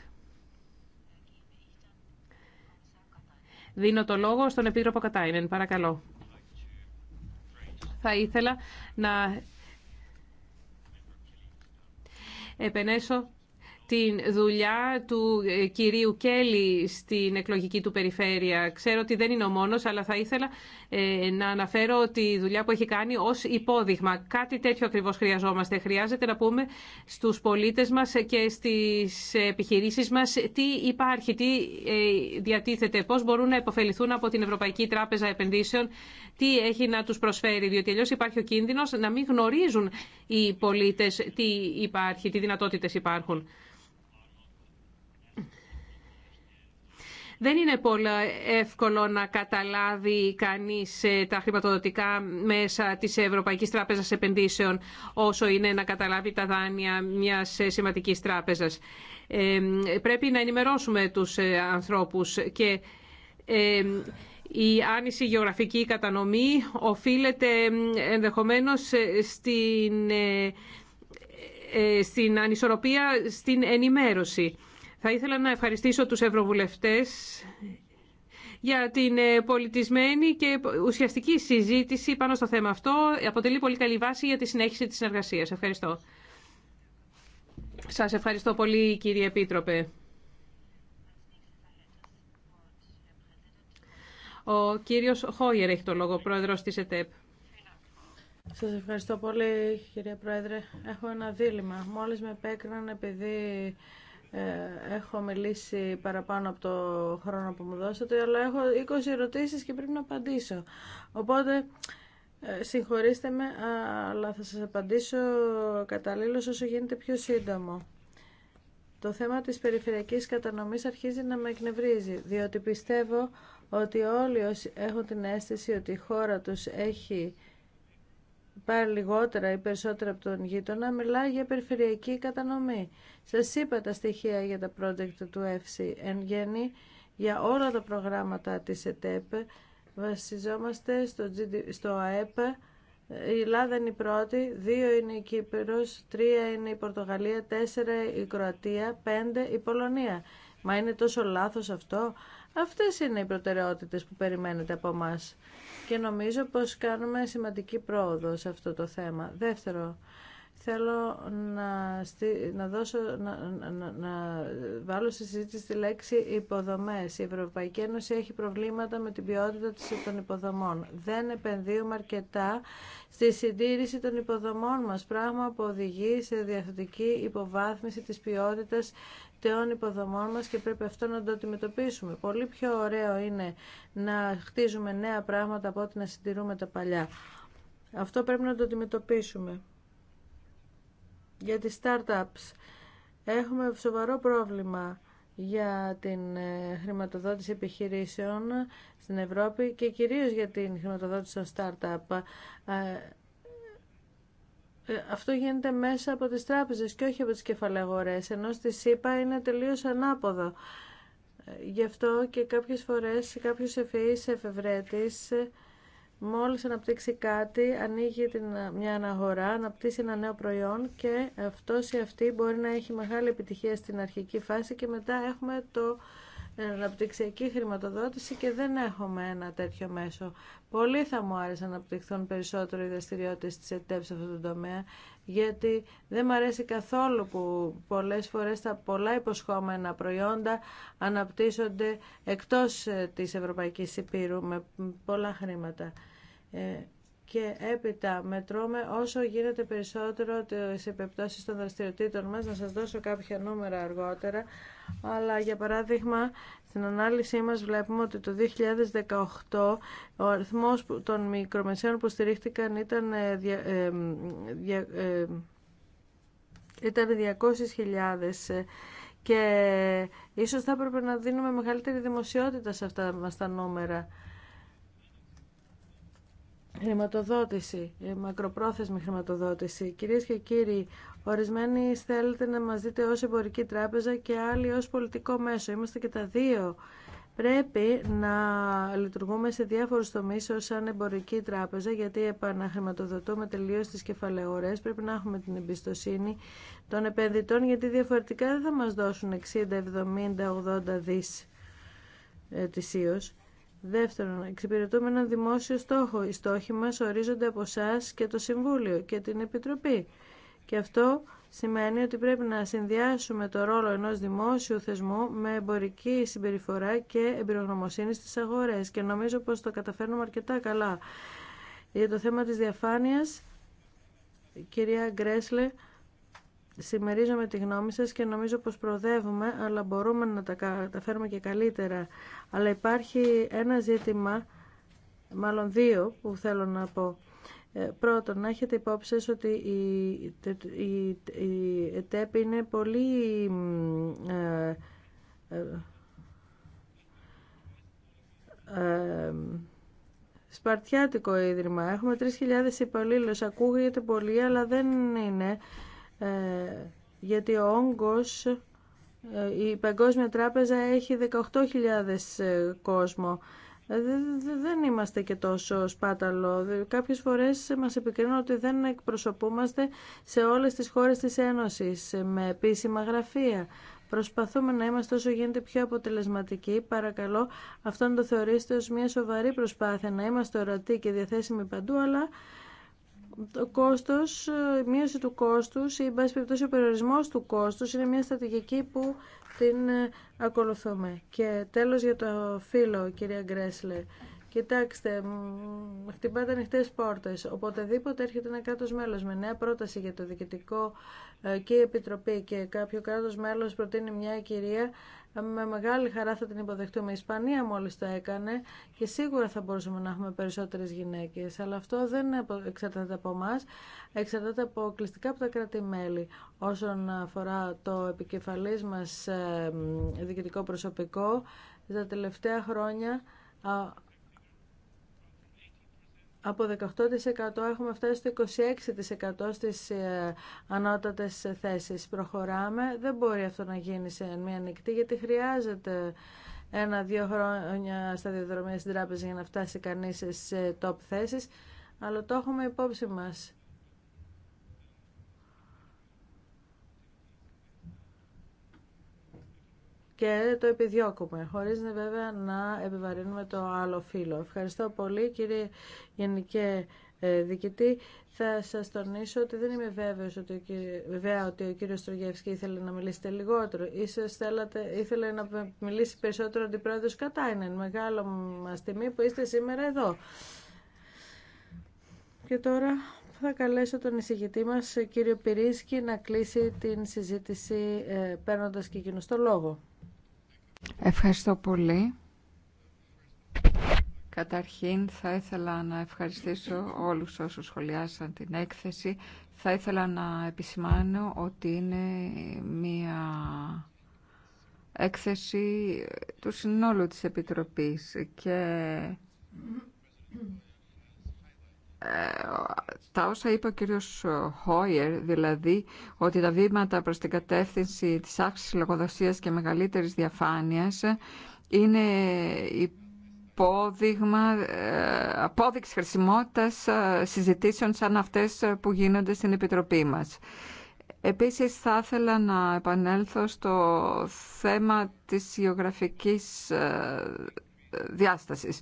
Δίνω το λόγο στον Επίτροπο Κατάινεν. Παρακαλώ. Θα ήθελα να επενέσω την δουλειά του ε, κυρίου Κέλλη στην εκλογική του περιφέρεια. Ξέρω ότι δεν είναι ο μόνος, αλλά θα ήθελα ε, να αναφέρω τη δουλειά που έχει κάνει ως υπόδειγμα. Κάτι τέτοιο ακριβώς χρειαζόμαστε. Χρειάζεται να πούμε στους πολίτες μας και στις επιχειρήσεις μας τι υπάρχει, τι ε, διατίθεται, πώς μπορούν να υποφεληθούν από την Ευρωπαϊκή Τράπεζα Επενδύσεων, τι έχει να τους προσφέρει, διότι αλλιώς υπάρχει ο κίνδυνος να μην γνωρίζουν οι πολίτες τι υπάρχει, τι δυνατότητες υπάρχουν. Δεν είναι πολύ εύκολο να καταλάβει κανείς ε, τα χρηματοδοτικά μέσα της Ευρωπαϊκής Τράπεζας Επενδύσεων όσο είναι να καταλάβει τα δάνεια μιας ε, σημαντικής τράπεζας. Ε, πρέπει να ενημερώσουμε τους ανθρώπους και η άνηση γεωγραφική κατανομή οφείλεται ενδεχομένως στην, στην ανισορροπία στην ενημέρωση. Θα ήθελα να ευχαριστήσω τους ευρωβουλευτές για την ε, πολιτισμένη και ουσιαστική συζήτηση πάνω στο θέμα αυτό. Αποτελεί πολύ καλή βάση για τη συνέχιση της συνεργασίας. Ευχαριστώ. Σας ευχαριστώ πολύ κύριε Επίτροπε. Ο κύριος Χόγερ έχει το λόγο, πρόεδρος της ΕΤΕΠ. Σας ευχαριστώ πολύ κύριε Πρόεδρε. Έχω ένα δίλημα. Μόλις με επέκριναν επειδή ε, έχω μιλήσει παραπάνω από το χρόνο που μου δώσατε, αλλά έχω 20 ερωτήσεις και πρέπει να απαντήσω. Οπότε, ε, συγχωρήστε με, αλλά θα σας απαντήσω καταλήλως όσο γίνεται πιο σύντομο. Το θέμα της περιφερειακής κατανομής αρχίζει να με εκνευρίζει, διότι πιστεύω ότι όλοι όσοι έχουν την αίσθηση ότι η χώρα τους έχει πάρει λιγότερα ή περισσότερα από τον γείτονα, μιλάει για περιφερειακή κατανομή. Σας είπα τα στοιχεία για τα project του ΕΦΣΥ. Εν γέννη, για όλα τα προγράμματα της ΕΤΕΠ βασιζόμαστε στο, GD, στο ΑΕΠ. Η Ελλάδα είναι η πρώτη, δύο είναι η Κύπρος, τρία είναι η Πορτογαλία, τέσσερα η Κροατία, πέντε η Πολωνία. Μα είναι τόσο λάθο αυτό. Αυτέ είναι οι προτεραιότητε που περιμένετε από εμά και νομίζω πως κάνουμε σημαντική πρόοδο σε αυτό το θέμα. Δεύτερο, θέλω να, να, δώσω, να, βάλω στη συζήτηση τη λέξη υποδομές. Η Ευρωπαϊκή Ένωση έχει προβλήματα με την ποιότητα των υποδομών. Δεν επενδύουμε αρκετά στη συντήρηση των υποδομών μας, πράγμα που οδηγεί σε διαφορετική υποβάθμιση της ποιότητας των υποδομών μας και πρέπει αυτό να το αντιμετωπίσουμε. Πολύ πιο ωραίο είναι να χτίζουμε νέα πράγματα από ότι να συντηρούμε τα παλιά. Αυτό πρέπει να το αντιμετωπίσουμε για τις startups. Έχουμε σοβαρό πρόβλημα για την ε, χρηματοδότηση επιχειρήσεων στην Ευρώπη και κυρίως για την χρηματοδότηση των startup. Ε, ε, αυτό γίνεται μέσα από τις τράπεζες και όχι από τις κεφαλαγορές, ενώ στη ΣΥΠΑ είναι τελείως ανάποδο. Γι' αυτό και κάποιες φορές κάποιους εφηείς εφευρέτης Μόλις αναπτύξει κάτι, ανοίγει την, μια αναγορά, αναπτύσσει ένα νέο προϊόν και αυτό ή αυτή μπορεί να έχει μεγάλη επιτυχία στην αρχική φάση και μετά έχουμε το αναπτυξιακή χρηματοδότηση και δεν έχουμε ένα τέτοιο μέσο. Πολύ θα μου άρεσε να αναπτυχθούν περισσότερο οι δραστηριότητε τη ΕΤΕΠ σε αυτό το τομέα, γιατί δεν μου αρέσει καθόλου που πολλέ φορέ τα πολλά υποσχόμενα προϊόντα αναπτύσσονται εκτό ε, τη Ευρωπαϊκή Υπήρου με πολλά χρήματα. Ε, και έπειτα μετρώμε όσο γίνεται περισσότερο τις επιπτώσεις των δραστηριοτήτων μας. Να σας δώσω κάποια νούμερα αργότερα. Αλλά για παράδειγμα, στην ανάλυση μας βλέπουμε ότι το 2018 ο αριθμός των μικρομεσαίων που στηρίχτηκαν ήταν, ε, ε, ήταν 200.000 και ίσως θα έπρεπε να δίνουμε μεγαλύτερη δημοσιότητα σε αυτά μας τα νούμερα. Χρηματοδότηση, μακροπρόθεσμη χρηματοδότηση. Κυρίε και κύριοι, ορισμένοι θέλετε να μας δείτε ως εμπορική τράπεζα και άλλοι ως πολιτικό μέσο. Είμαστε και τα δύο. Πρέπει να λειτουργούμε σε διάφορους τομείς ως σαν εμπορική τράπεζα γιατί επαναχρηματοδοτούμε τελείως τις κεφαλαιορές. Πρέπει να έχουμε την εμπιστοσύνη των επενδυτών γιατί διαφορετικά δεν θα μας δώσουν 60, 70, 80 δις ετησίως. Δεύτερον, εξυπηρετούμε έναν δημόσιο στόχο. Οι στόχοι μας ορίζονται από εσά και το Συμβούλιο και την Επιτροπή. Και αυτό σημαίνει ότι πρέπει να συνδυάσουμε το ρόλο ενός δημόσιου θεσμού με εμπορική συμπεριφορά και εμπειρογνωμοσύνη στις αγορές. Και νομίζω πως το καταφέρνουμε αρκετά καλά. Για το θέμα της διαφάνειας, κυρία Γκρέσλε, Συμμερίζομαι τη γνώμη σας και νομίζω πως προοδεύουμε, αλλά μπορούμε να τα καταφέρουμε και καλύτερα. Αλλά υπάρχει ένα ζήτημα, μάλλον δύο, που θέλω να πω. Ε, πρώτον, να έχετε υπόψη ότι η ΕΤΕΠ είναι πολύ ε, ε, σπαρτιάτικο ίδρυμα. Έχουμε 3.000 υπαλλήλους. Ακούγεται πολύ, αλλά δεν είναι ε, γιατί ο όγκος, ε, η Παγκόσμια Τράπεζα έχει 18.000 ε, κόσμο. Δεν είμαστε και τόσο σπάταλο. Κάποιες φορές μας επικρίνουν ότι δεν εκπροσωπούμαστε σε όλες τις χώρες της Ένωσης με επίσημα γραφεία. Προσπαθούμε να είμαστε όσο γίνεται πιο αποτελεσματικοί. Παρακαλώ αυτό να το θεωρήσετε ως μια σοβαρή προσπάθεια να είμαστε ορατοί και διαθέσιμοι παντού, αλλά το κόστος, ε, η μείωση του κόστους ή, εν περιπτώσει, ο περιορισμός του κόστους είναι μια στρατηγική που την ε, ακολουθούμε. Και τέλος για το φίλο, κυρία Γκρέσλε. Κοιτάξτε, χτυπάτε ανοιχτέ πόρτε. Οποτεδήποτε έρχεται ένα κράτο μέλο με νέα πρόταση για το διοικητικό ε, και η Επιτροπή και κάποιο κράτο μέλο προτείνει μια κυρία με μεγάλη χαρά θα την υποδεχτούμε. Η Ισπανία μόλις το έκανε και σίγουρα θα μπορούσαμε να έχουμε περισσότερες γυναίκες. Αλλά αυτό δεν εξαρτάται από εμά, εξαρτάται αποκλειστικά από τα κράτη-μέλη. Όσον αφορά το επικεφαλής μας διοικητικό προσωπικό, τα τελευταία χρόνια από 18% έχουμε φτάσει στο 26% στις ε, ανώτατες θέσεις. Προχωράμε. Δεν μπορεί αυτό να γίνει σε μία νυχτή γιατί χρειάζεται ένα-δύο χρόνια στα διαδρομία στην τράπεζα για να φτάσει κανείς σε top θέσεις. Αλλά το έχουμε υπόψη μας. και το επιδιώκουμε, χωρίς βέβαια να επιβαρύνουμε το άλλο φύλλο. Ευχαριστώ πολύ κύριε Γενικέ ε, Διοικητή. Θα σας τονίσω ότι δεν είμαι βέβαιος ότι ο βέβαια ότι ο κύριος Στρογεύσκη ήθελε να μιλήσετε λιγότερο. Ίσως θέλατε... ήθελε να μιλήσει περισσότερο ο αντιπρόεδρος Κατάινεν. Μεγάλο μας τιμή που είστε σήμερα εδώ. Και τώρα θα καλέσω τον εισηγητή μας, κύριο Πυρίσκη, να κλείσει την συζήτηση ε, παίρνοντας και εκείνο το λόγο. Ευχαριστώ πολύ. Καταρχήν θα ήθελα να ευχαριστήσω όλους όσους σχολιάσαν την έκθεση. Θα ήθελα να επισημάνω ότι είναι μια έκθεση του συνόλου της Επιτροπής και ε, τα όσα είπε ο κύριος Χόιερ, δηλαδή ότι τα βήματα προς την κατεύθυνση της άξιση λογοδοσίας και μεγαλύτερης διαφάνειας είναι υπόδειγμα, ε, απόδειξη χρησιμότητας ε, συζητήσεων σαν αυτές που γίνονται στην Επιτροπή μας. Επίσης θα ήθελα να επανέλθω στο θέμα της γεωγραφικής διάστασης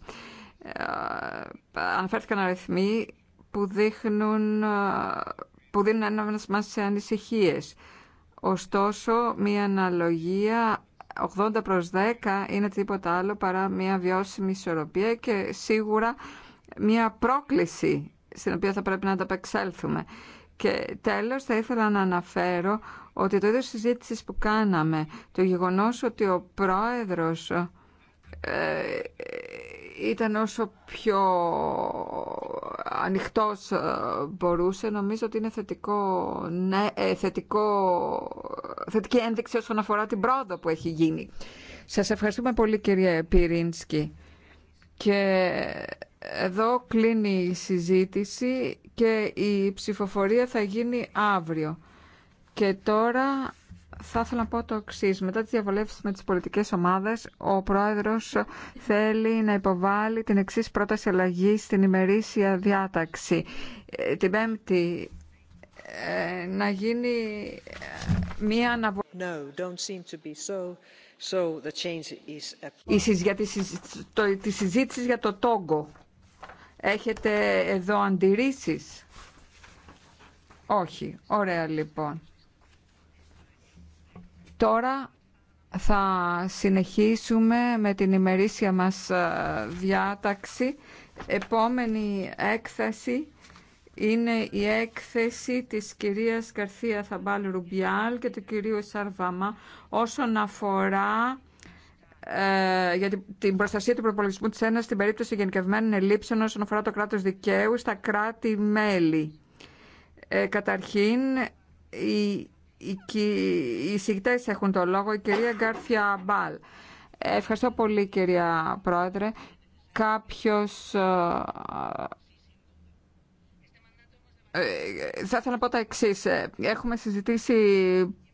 αναφέρθηκαν αριθμοί που δείχνουν που δίνουν ένα μας σε ανησυχίες. Ωστόσο, μια αναλογία 80 προς 10 είναι τίποτα άλλο παρά μια βιώσιμη ισορροπία και σίγουρα μια πρόκληση στην οποία θα πρέπει να ανταπεξέλθουμε. Και τέλος θα ήθελα να αναφέρω ότι το είδος συζήτηση που κάναμε, το γεγονός ότι ο πρόεδρος ε, ήταν όσο πιο ανοιχτός ε, μπορούσε. Νομίζω ότι είναι θετικό, ναι, ε, θετικό, θετική ένδειξη όσον αφορά την πρόοδο που έχει γίνει. Σας ευχαριστούμε πολύ κυρία Πυρίνσκι. Και εδώ κλείνει η συζήτηση και η ψηφοφορία θα γίνει αύριο. Και τώρα θα ήθελα να πω το εξή. Μετά τις διαβολεύσεις με τις πολιτικές ομάδες, ο Πρόεδρος θέλει να υποβάλει την εξή πρόταση αλλαγή στην ημερήσια διάταξη. Ε, την Πέμπτη ε, να γίνει ε, μία αναβολή. No, don't seem so. So τη, συζήτηση για το Τόγκο. Έχετε εδώ αντιρρήσεις. Όχι. Ωραία λοιπόν. Τώρα θα συνεχίσουμε με την ημερήσια μας ε, διάταξη. Επόμενη έκθεση είναι η έκθεση της κυρίας Καρθία Θαμπάλ Ρουμπιάλ και του κυρίου Σαρβαμά όσον αφορά ε, για την προστασία του προπολογισμού της Ένωσης στην περίπτωση γενικευμένων ελλείψεων όσον αφορά το κράτος δικαίου στα κράτη-μέλη. Ε, καταρχήν, η οι συγητές έχουν το λόγο, η κυρία Γκάρθια Μπάλ. Ευχαριστώ πολύ κυρία Πρόεδρε. Κάποιος ε, ε, θα ήθελα να πω τα εξή. Ε, έχουμε συζητήσει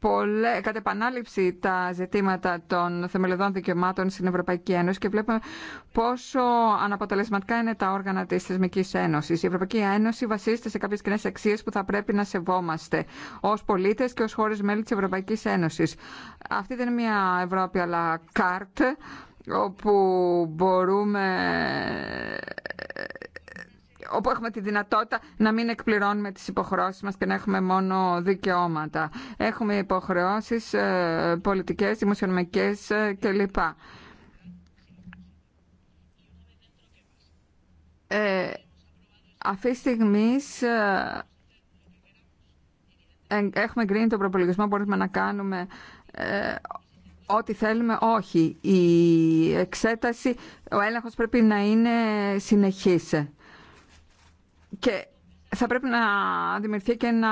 πολλέ, κατ' επανάληψη τα ζητήματα των θεμελιωδών δικαιωμάτων στην Ευρωπαϊκή Ένωση και βλέπουμε πόσο αναποτελεσματικά είναι τα όργανα τη Θεσμική Ένωση. Η Ευρωπαϊκή Ένωση βασίζεται σε κάποιε κοινέ αξίε που θα πρέπει να σεβόμαστε ω πολίτε και ω χώρε μέλη τη Ευρωπαϊκή Ένωση. Αυτή δεν είναι μια Ευρώπη αλλά καρτ όπου μπορούμε όπου έχουμε τη δυνατότητα να μην εκπληρώνουμε τις υποχρεώσεις μας και να έχουμε μόνο δικαιώματα. Έχουμε υποχρεώσεις ε, πολιτικές, δημοσιονομικές ε, κλπ. Ε, αυτή τη στιγμή ε, έχουμε εγκρίνει τον προπολογισμό, μπορούμε να κάνουμε ό,τι θέλουμε. Όχι, η εξέταση, ο έλεγχος πρέπει να είναι συνεχής. Και θα πρέπει να δημιουργηθεί και ένα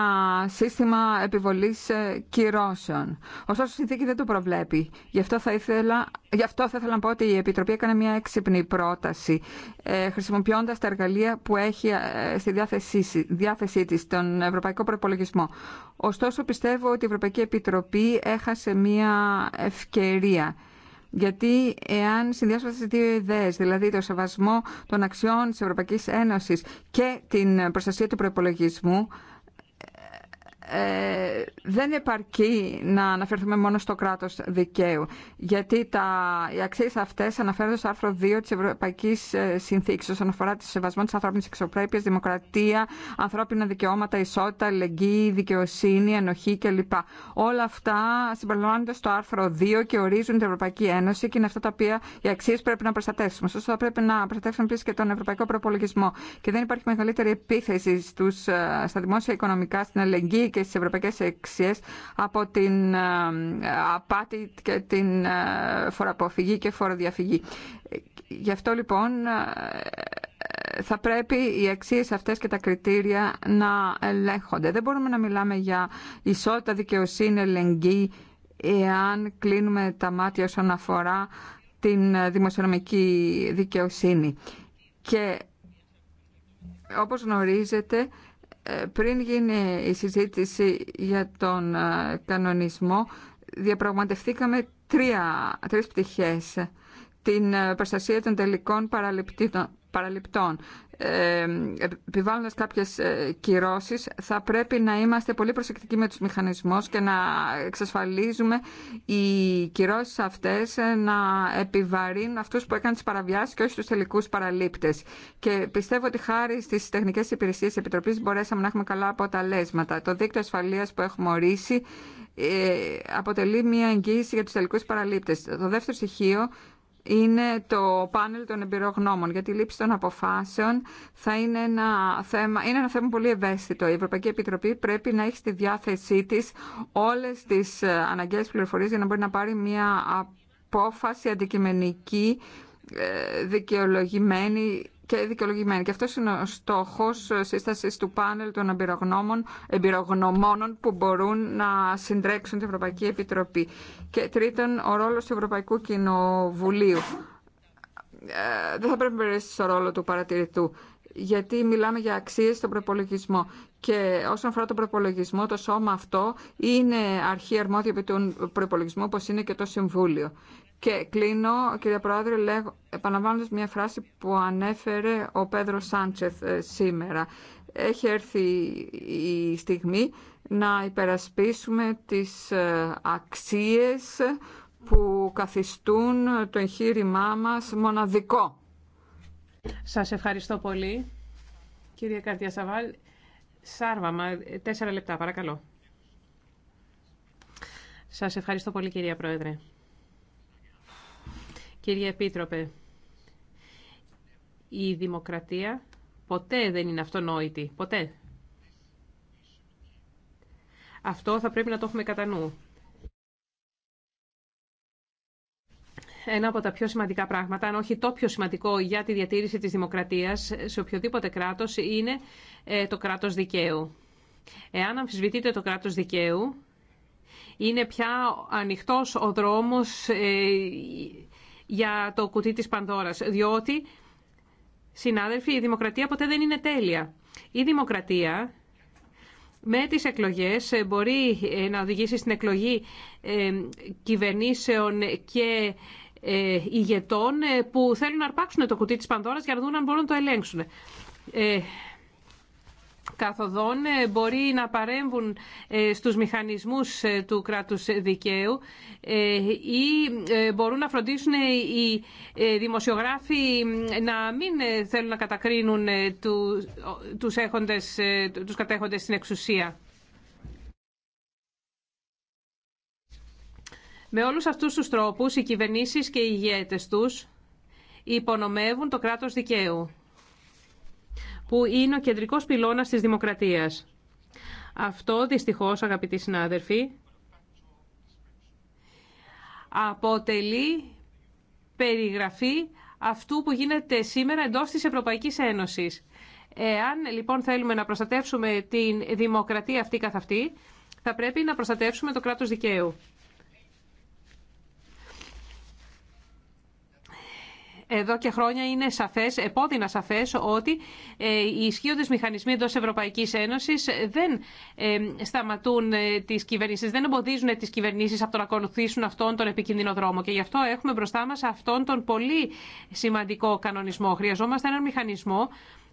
σύστημα επιβολής ε, κυρώσεων. Ωστόσο, η συνθήκη δεν το προβλέπει. Γι' αυτό θα ήθελα, γι αυτό θα ήθελα να πω ότι η Επιτροπή έκανε μια έξυπνη πρόταση, ε, χρησιμοποιώντας τα εργαλεία που έχει ε, στη διάθεσή, διάθεσή της, τον Ευρωπαϊκό Προπολογισμό. Ωστόσο, πιστεύω ότι η Ευρωπαϊκή Επιτροπή έχασε μια ευκαιρία γιατί εάν συνδυάσουμε αυτέ τι δύο ιδέε, δηλαδή το σεβασμό των αξιών τη Ευρωπαϊκή Ένωση και την προστασία του προπολογισμού, ε, δεν επαρκεί να αναφερθούμε μόνο στο κράτος δικαίου, γιατί τα, οι αξίες αυτές αναφέρονται στο άρθρο 2 της Ευρωπαϊκής ε, Συνθήκης όσον αφορά τη σεβασμό της ανθρώπινης εξωπρέπειας, δημοκρατία, ανθρώπινα δικαιώματα, ισότητα, ελεγγύη, δικαιοσύνη, ενοχή κλπ. Όλα αυτά συμπεριλαμβάνονται στο άρθρο 2 και ορίζουν την Ευρωπαϊκή Ένωση και είναι αυτά τα οποία οι αξίες πρέπει να προστατεύσουμε. Σωστά θα πρέπει να προστατεύσουμε επίση και τον Ευρωπαϊκό Προπολογισμό. Και δεν υπάρχει μεγαλύτερη επίθεση στους, ε, στα δημόσια οικονομικά, στην αλληλεγγύη και τις ευρωπαϊκές αξίες από την ε, απάτη και την ε, φοροαποφυγή και φοροδιαφυγή. Γι' αυτό λοιπόν ε, θα πρέπει οι αξίες αυτές και τα κριτήρια να ελέγχονται. Δεν μπορούμε να μιλάμε για ισότητα, δικαιοσύνη, ελεγγύη εάν κλείνουμε τα μάτια όσον αφορά την δημοσιονομική δικαιοσύνη. Και όπως γνωρίζετε πριν γίνει η συζήτηση για τον ε, κανονισμό, διαπραγματευτήκαμε τρία, τρεις πτυχές την ε, προστασία των τελικών παραληπτών. Ε, κάποιε κάποιες ε, κυρώσεις θα πρέπει να είμαστε πολύ προσεκτικοί με του μηχανισμού και να εξασφαλίζουμε οι κυρώσει αυτέ ε, να επιβαρύνουν αυτού που έκαναν τι παραβιάσει και όχι του τελικού παραλήπτε. Και πιστεύω ότι χάρη στι τεχνικέ υπηρεσίε της Επιτροπής μπορέσαμε να έχουμε καλά αποτελέσματα. Το δίκτυο ασφαλείας που έχουμε ορίσει αποτελεί μια εγγύηση για του τελικού παραλήπτε. Το δεύτερο στοιχείο είναι το πάνελ των εμπειρογνώμων γιατί η λήψη των αποφάσεων θα είναι ένα θέμα, είναι ένα θέμα πολύ ευαίσθητο. Η Ευρωπαϊκή Επιτροπή πρέπει να έχει στη διάθεσή της όλες τις ε, αναγκαίες πληροφορίες για να μπορεί να πάρει μια απόφαση αντικειμενική, ε, δικαιολογημένη και δικαιολογημένη. Και αυτό είναι ο στόχο σύσταση του πάνελ των εμπειρογνωμόνων που μπορούν να συντρέξουν την Ευρωπαϊκή Επιτροπή. Και τρίτον, ο ρόλο του Ευρωπαϊκού Κοινοβουλίου. Ε, δεν θα πρέπει να περιορίσει στο ρόλο του παρατηρητού γιατί μιλάμε για αξίες στον προπολογισμό. Και όσον αφορά τον προπολογισμό, το σώμα αυτό είναι αρχή αρμόδια επί του προπολογισμού, όπω είναι και το Συμβούλιο. Και κλείνω, κύριε Πρόεδρε, λέγω, μια φράση που ανέφερε ο Πέδρο Σάντσεθ ε, σήμερα. Έχει έρθει η στιγμή να υπερασπίσουμε τις ε, αξίες που καθιστούν το εγχείρημά μας μοναδικό. Σας ευχαριστώ πολύ, κύριε Καρδιά Σαβάλ. Σάρβαμα, τέσσερα λεπτά, παρακαλώ. Σας ευχαριστώ πολύ, κυρία Πρόεδρε. Κύριε Επίτροπε, η δημοκρατία ποτέ δεν είναι αυτονόητη. Ποτέ. Αυτό θα πρέπει να το έχουμε κατά νου. Ένα από τα πιο σημαντικά πράγματα, αν όχι το πιο σημαντικό για τη διατήρηση της δημοκρατίας σε οποιοδήποτε κράτος, είναι ε, το κράτος δικαίου. Εάν αμφισβητείτε το κράτος δικαίου, είναι πια ανοιχτός ο δρόμος ε, για το κουτί της Πανδώρας, διότι, συνάδελφοι, η δημοκρατία ποτέ δεν είναι τέλεια. Η δημοκρατία με τις εκλογές ε, μπορεί ε, να οδηγήσει στην εκλογή ε, κυβερνήσεων και ηγετών που θέλουν να αρπάξουν το κουτί της Πανδώρας για να δουν αν μπορούν να το ελέγξουν καθοδόν ε, μπορεί να παρέμβουν ε, στους μηχανισμούς ε, του κράτους δικαίου ή μπορούν να φροντίσουν οι δημοσιογράφοι να μην θέλουν να κατακρίνουν τους, έχοντες, τους κατέχοντες στην εξουσία. Με όλους αυτούς τους τρόπους οι κυβερνήσεις και οι ηγέτες τους υπονομεύουν το κράτος δικαίου που είναι ο κεντρικός πυλώνας της δημοκρατίας. Αυτό δυστυχώς, αγαπητοί συνάδελφοι, αποτελεί περιγραφή αυτού που γίνεται σήμερα εντός της Ευρωπαϊκής Ένωσης. Εάν λοιπόν θέλουμε να προστατεύσουμε τη δημοκρατία αυτή καθ' αυτή, θα πρέπει να προστατεύσουμε το κράτος δικαίου. εδώ και χρόνια είναι σαφές, επώδυνα σαφές, ότι ε, οι ισχύοντες μηχανισμοί εντός Ευρωπαϊκής Ένωσης δεν ε, σταματούν ε, τις κυβερνήσεις, δεν εμποδίζουν τις κυβερνήσεις από το να ακολουθήσουν αυτόν τον επικίνδυνο δρόμο. Και γι' αυτό έχουμε μπροστά μας αυτόν τον πολύ σημαντικό κανονισμό. Χρειαζόμαστε έναν μηχανισμό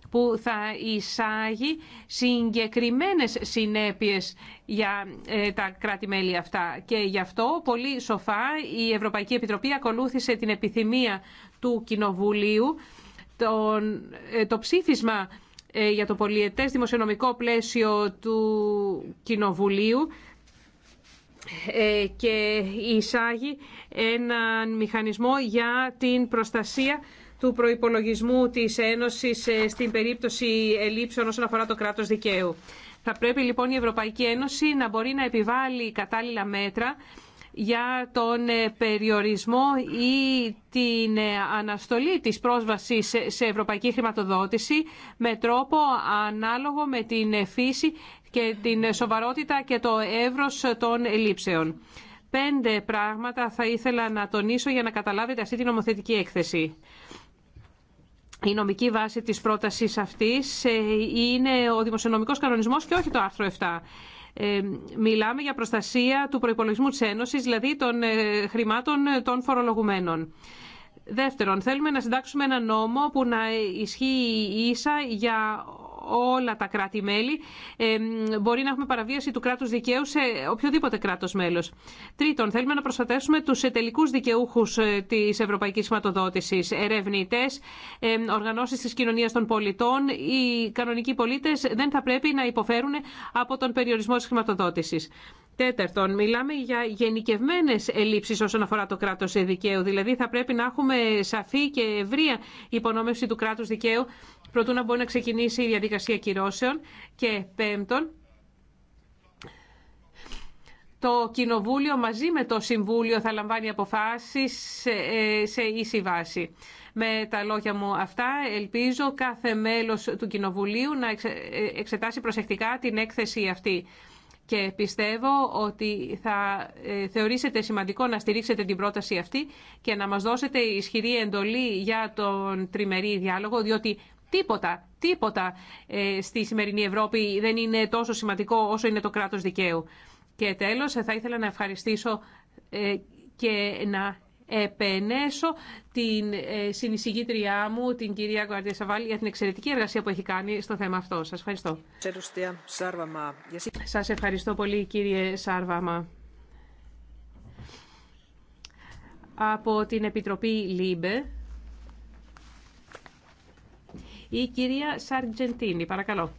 που θα εισάγει συγκεκριμένες συνέπειες για τα κράτη-μέλη αυτά. Και γι' αυτό πολύ σοφά η Ευρωπαϊκή Επιτροπή ακολούθησε την επιθυμία του Κοινοβουλίου ε, το ψήφισμα ε, για το πολιετές δημοσιονομικό πλαίσιο του Κοινοβουλίου ε, και εισάγει έναν μηχανισμό για την προστασία του προϋπολογισμού της Ένωσης στην περίπτωση ελλείψεων όσον αφορά το κράτος δικαίου. Θα πρέπει λοιπόν η Ευρωπαϊκή Ένωση να μπορεί να επιβάλλει κατάλληλα μέτρα για τον ε, περιορισμό ή την ε, αναστολή της πρόσβασης σε ευρωπαϊκή χρηματοδότηση με τρόπο ανάλογο με την ε, φύση και την σοβαρότητα και το εύρος των ελλείψεων. Πέντε πράγματα θα ήθελα να τονίσω για να καταλάβετε αυτή την νομοθετική έκθεση. Η νομική βάση της πρότασης αυτής είναι ο δημοσιονομικός κανονισμός και όχι το άρθρο 7. Ε, μιλάμε για προστασία του προϋπολογισμού της Ένωσης, δηλαδή των ε, χρημάτων ε, των φορολογουμένων. Δεύτερον, θέλουμε να συντάξουμε ένα νόμο που να ισχύει ίσα για όλα τα κράτη-μέλη. Μπορεί να έχουμε παραβίαση του κράτου δικαίου σε οποιοδήποτε κράτο μέλο. Τρίτον, θέλουμε να προστατεύσουμε τους τελικούς δικαιούχους ε, της Ευρωπαϊκής ερευνητέ, ερευνητές, οργανώσει τη κοινωνία των πολιτών. Οι κανονικοί πολίτε δεν θα πρέπει να υποφέρουν από τον περιορισμό τη χρηματοδότηση. Τέταρτον, μιλάμε για γενικευμένε ελλείψει όσον αφορά το κράτο δικαίου. Δηλαδή, θα πρέπει να έχουμε σαφή και ευρία υπονόμευση του κράτου δικαίου προτού να μπορεί να ξεκινήσει η διαδικασία κυρώσεων. Και πέμπτον, το Κοινοβούλιο μαζί με το Συμβούλιο θα λαμβάνει αποφάσεις σε ε, ίση βάση. Με τα λόγια μου αυτά, ελπίζω κάθε μέλος του Κοινοβουλίου να ε, εξετάσει προσεκτικά την έκθεση αυτή. Και πιστεύω ότι θα ε, θεωρήσετε σημαντικό να στηρίξετε την πρόταση αυτή και να μας δώσετε ισχυρή εντολή για τον τριμερή διάλογο, διότι Τίποτα, τίποτα ε, στη σημερινή Ευρώπη δεν είναι τόσο σημαντικό όσο είναι το κράτος δικαίου. Και τέλος θα ήθελα να ευχαριστήσω ε, και να επενέσω την ε, συνεισηγήτριά μου, την κυρία Γκουαρδία Σαβάλη, για την εξαιρετική εργασία που έχει κάνει στο θέμα αυτό. Σας ευχαριστώ. Σας ευχαριστώ πολύ κύριε Σάρβαμα. Από την Επιτροπή ΛΥΜΠΕ, η κυρία Σαρτζεντίνη, παρακαλώ.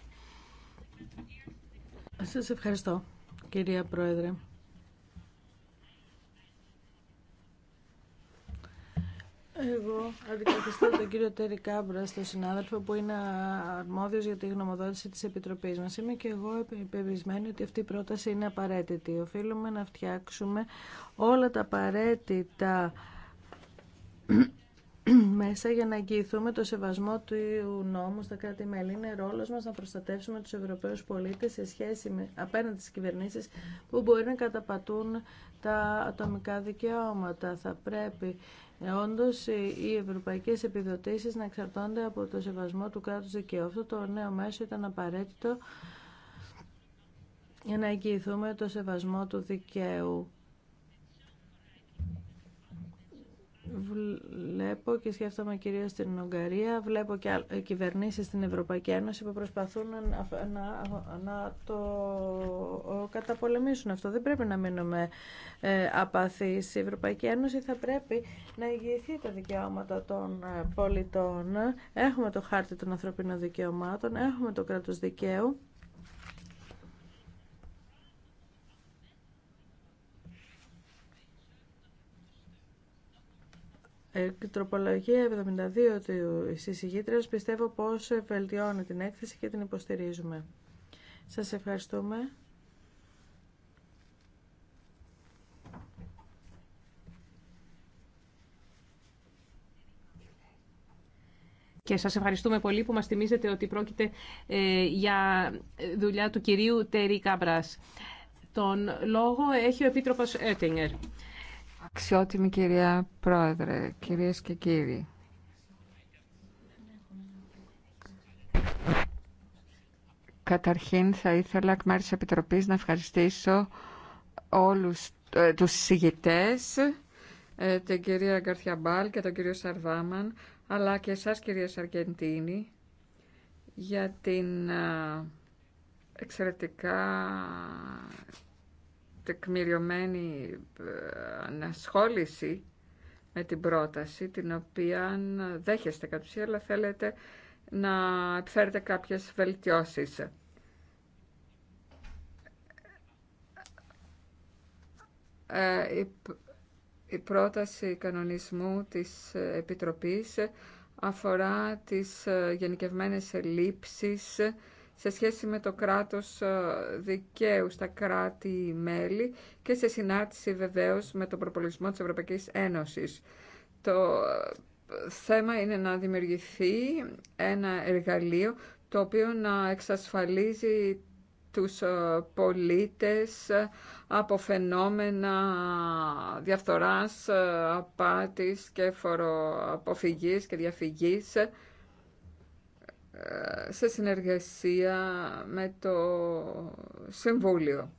Σας ευχαριστώ, κυρία Πρόεδρε. Εγώ αντικαθιστώ τον κύριο Τέρι Κάμπρα, τον συνάδελφο που είναι αρμόδιος για τη γνωμοδότηση της Επιτροπής μας. Είμαι και εγώ επιβεβαισμένη ότι αυτή η πρόταση είναι απαραίτητη. Οφείλουμε να φτιάξουμε όλα τα απαραίτητα μέσα για να εγγυηθούμε το σεβασμό του νόμου στα κράτη-μέλη. Είναι ρόλος μας να προστατεύσουμε του Ευρωπαίου πολίτε σε σχέση με, απέναντι στι κυβερνήσει που μπορεί να καταπατούν τα ατομικά δικαιώματα. Θα πρέπει ε, Όντω, οι ευρωπαϊκέ επιδοτήσει να εξαρτώνται από το σεβασμό του κράτου δικαίου. Αυτό το νέο μέσο ήταν απαραίτητο για να εγγυηθούμε το σεβασμό του δικαίου. βλέπω και σκέφτομαι κυρίως στην Ουγγαρία, βλέπω και κυβερνήσει στην Ευρωπαϊκή Ένωση που προσπαθούν να, να, να το καταπολεμήσουν αυτό. Δεν πρέπει να μείνουμε ε, απαθείς. Η Ευρωπαϊκή Ένωση θα πρέπει να εγγυηθεί τα δικαιώματα των ε, πολιτών. Έχουμε το χάρτη των ανθρωπίνων δικαιωμάτων, έχουμε το κράτος δικαίου. Ε, τροπολογία 72 του εισηγήτρια πιστεύω πω βελτιώνει την έκθεση και την υποστηρίζουμε. Σα ευχαριστούμε. Και σας ευχαριστούμε πολύ που μας θυμίζετε ότι πρόκειται ε, για δουλειά του κυρίου Τέρι Κάμπρας. Τον λόγο έχει ο Επίτροπος Έτινγκερ. Αξιότιμη κυρία Πρόεδρε, κυρίες και κύριοι. Καταρχήν θα ήθελα εκ μέρους της Επιτροπής να ευχαριστήσω όλους ε, τους συγητές, ε, την κυρία Γκαρθιαμπάλ και τον κύριο Σαρβάμαν, αλλά και εσάς κυρία Σαρκεντίνη, για την ε, εξαιρετικά τεκμηριωμένη ε, ανασχόληση με την πρόταση, την οποία δέχεστε κατ' ουσία, αλλά θέλετε να επιφέρετε κάποιες βελτιώσεις. Ε, η πρόταση κανονισμού της Επιτροπής αφορά τις ε, γενικευμένες ελλείψεις σε σχέση με το κράτος ε, δικαίου στα κράτη-μέλη και σε συνάρτηση βεβαίως με τον προπολογισμό της Ευρωπαϊκής Ένωσης. Το ε, θέμα είναι να δημιουργηθεί ένα εργαλείο το οποίο να εξασφαλίζει τους ε, πολίτες από φαινόμενα διαφθοράς, απάτης και φοροαποφυγής και διαφυγής σε συνεργασία με το Συμβούλιο.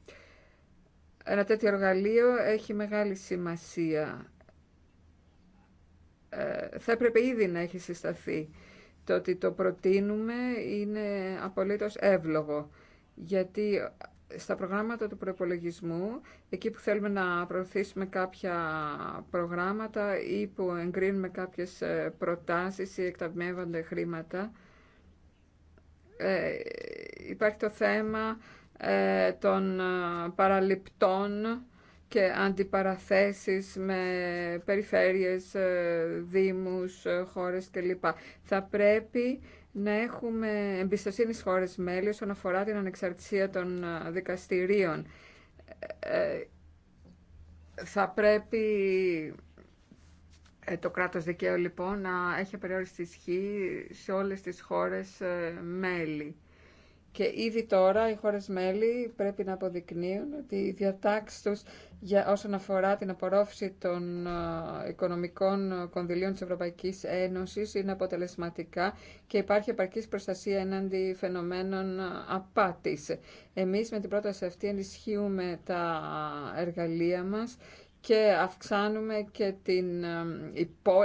Ένα τέτοιο εργαλείο έχει μεγάλη σημασία. Ε, θα έπρεπε ήδη να έχει συσταθεί. Το ότι το προτείνουμε είναι απολύτως εύλογο, γιατί στα προγράμματα του προπολογισμού, εκεί που θέλουμε να προωθήσουμε κάποια προγράμματα ή που εγκρίνουμε κάποιες ε, προτάσεις ή εκταμεύονται χρήματα, ε, υπάρχει το θέμα ε, των ε, παραληπτών και αντιπαραθέσεις με περιφέρειες, ε, δήμους, χώρες κλπ. Θα πρέπει να έχουμε εμπιστοσύνη στις χώρες μέλη όσον αφορά την ανεξαρτησία των δικαστηρίων. θα πρέπει ε, το κράτος δικαίου λοιπόν να έχει απεριόριστη ισχύ σε όλες τις χώρες ε, μέλη. Και ήδη τώρα οι χώρες μέλη πρέπει να αποδεικνύουν ότι οι διατάξεις τους για όσον αφορά την απορρόφηση των ε, οικονομικών κονδυλίων της Ευρωπαϊκής Ένωσης είναι αποτελεσματικά και υπάρχει επαρκής προστασία εναντί φαινομένων απάτης. Εμείς με την πρόταση αυτή ενισχύουμε τα εργαλεία μας και αυξάνουμε και την,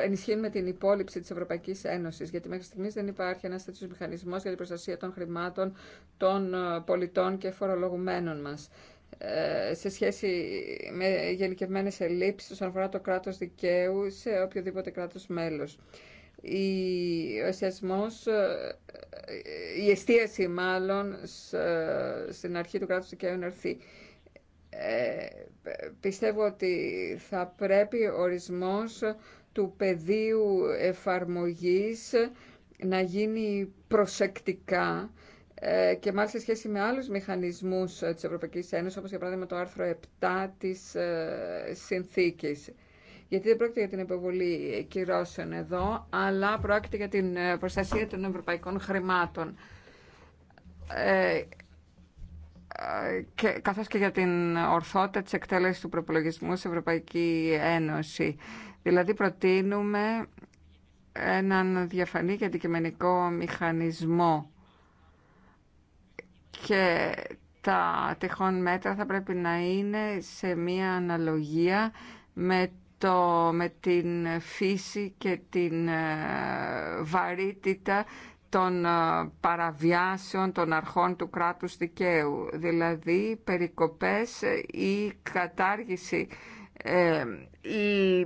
ενισχύουμε την υπόλοιψη της Ευρωπαϊκής Ένωσης, γιατί μέχρι στιγμής δεν υπάρχει ένας τέτοιο μηχανισμός για την προστασία των χρημάτων των ε, πολιτών και φορολογουμένων μας ε, σε σχέση με γενικευμένες ελλείψεις όσον αφορά το κράτος δικαίου σε οποιοδήποτε κράτος μέλος. Η, ο ε, η εστίαση μάλλον στην αρχή του κράτους δικαίου είναι αρθή. Ε, πιστεύω ότι θα πρέπει ορισμός του πεδίου εφαρμογής να γίνει προσεκτικά ε, και μάλιστα σε σχέση με άλλους μηχανισμούς ε, της Ευρωπαϊκής Ένωσης, όπως για παράδειγμα το άρθρο 7 της συνθήκης. Γιατί δεν πρόκειται για την επιβολή κυρώσεων εδώ, αλλά πρόκειται για την προστασία των ευρωπαϊκών χρημάτων και, καθώς και για την ορθότητα της εκτέλεσης του προπολογισμού σε Ευρωπαϊκή Ένωση. Δηλαδή προτείνουμε έναν διαφανή και αντικειμενικό μηχανισμό και τα τυχόν μέτρα θα πρέπει να είναι σε μία αναλογία με, το, με την φύση και την ε, βαρύτητα των ε, παραβιάσεων των αρχών του κράτους δικαίου, δηλαδή περικοπές ή ε, κατάργηση ή ε, ε,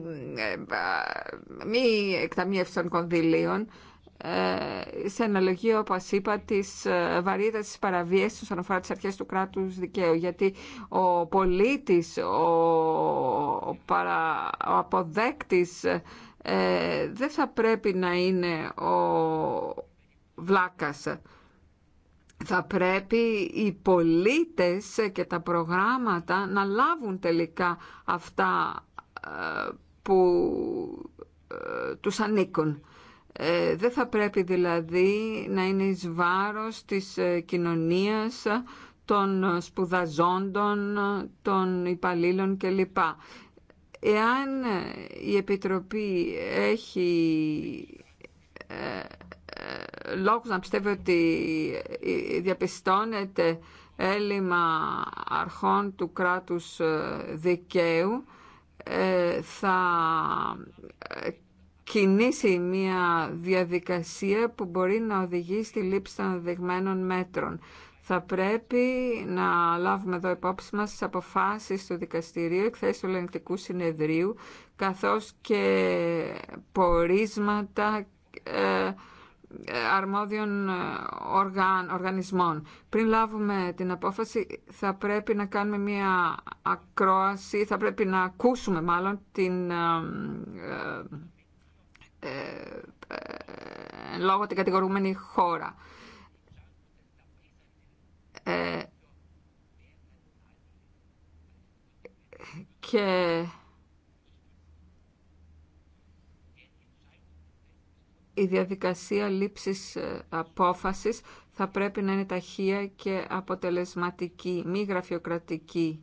μη εκταμίευση των κονδυλίων σε αναλογία, όπως είπα, της βαρύτητας της παραβίασης όσον αφορά τις αρχές του κράτους δικαίου. Γιατί ο πολίτης, ο, ο, ο αποδέκτης δεν θα πρέπει να είναι ο βλάκας. Θα πρέπει οι πολίτες και τα προγράμματα να λάβουν τελικά αυτά ε, που ε, τους ανήκουν. Ε, δεν θα πρέπει δηλαδή να είναι εις βάρος της κοινωνίας, των σπουδαζόντων, των υπαλλήλων κλπ. Εάν η Επιτροπή έχει λόγους να πιστεύει ότι διαπιστώνεται έλλειμμα αρχών του κράτους ε, δικαίου ε, θα ε, κινήσει μια διαδικασία που μπορεί να οδηγεί στη λήψη των δεγμένων μέτρων. Θα πρέπει να λάβουμε εδώ υπόψη μας τις αποφάσεις του δικαστηρίου, εκθέσει του ελεγκτικού συνεδρίου, καθώς και πορίσματα αρμόδιων ε, οργαν, οργανισμών. Πριν λάβουμε την απόφαση θα πρέπει να κάνουμε μια ακρόαση, θα πρέπει να ακούσουμε μάλλον την ε, ε, ε λόγω την κατηγορούμενη χώρα. και η διαδικασία λήψης ε, απόφασης θα πρέπει να είναι ταχεία και αποτελεσματική, μη γραφειοκρατική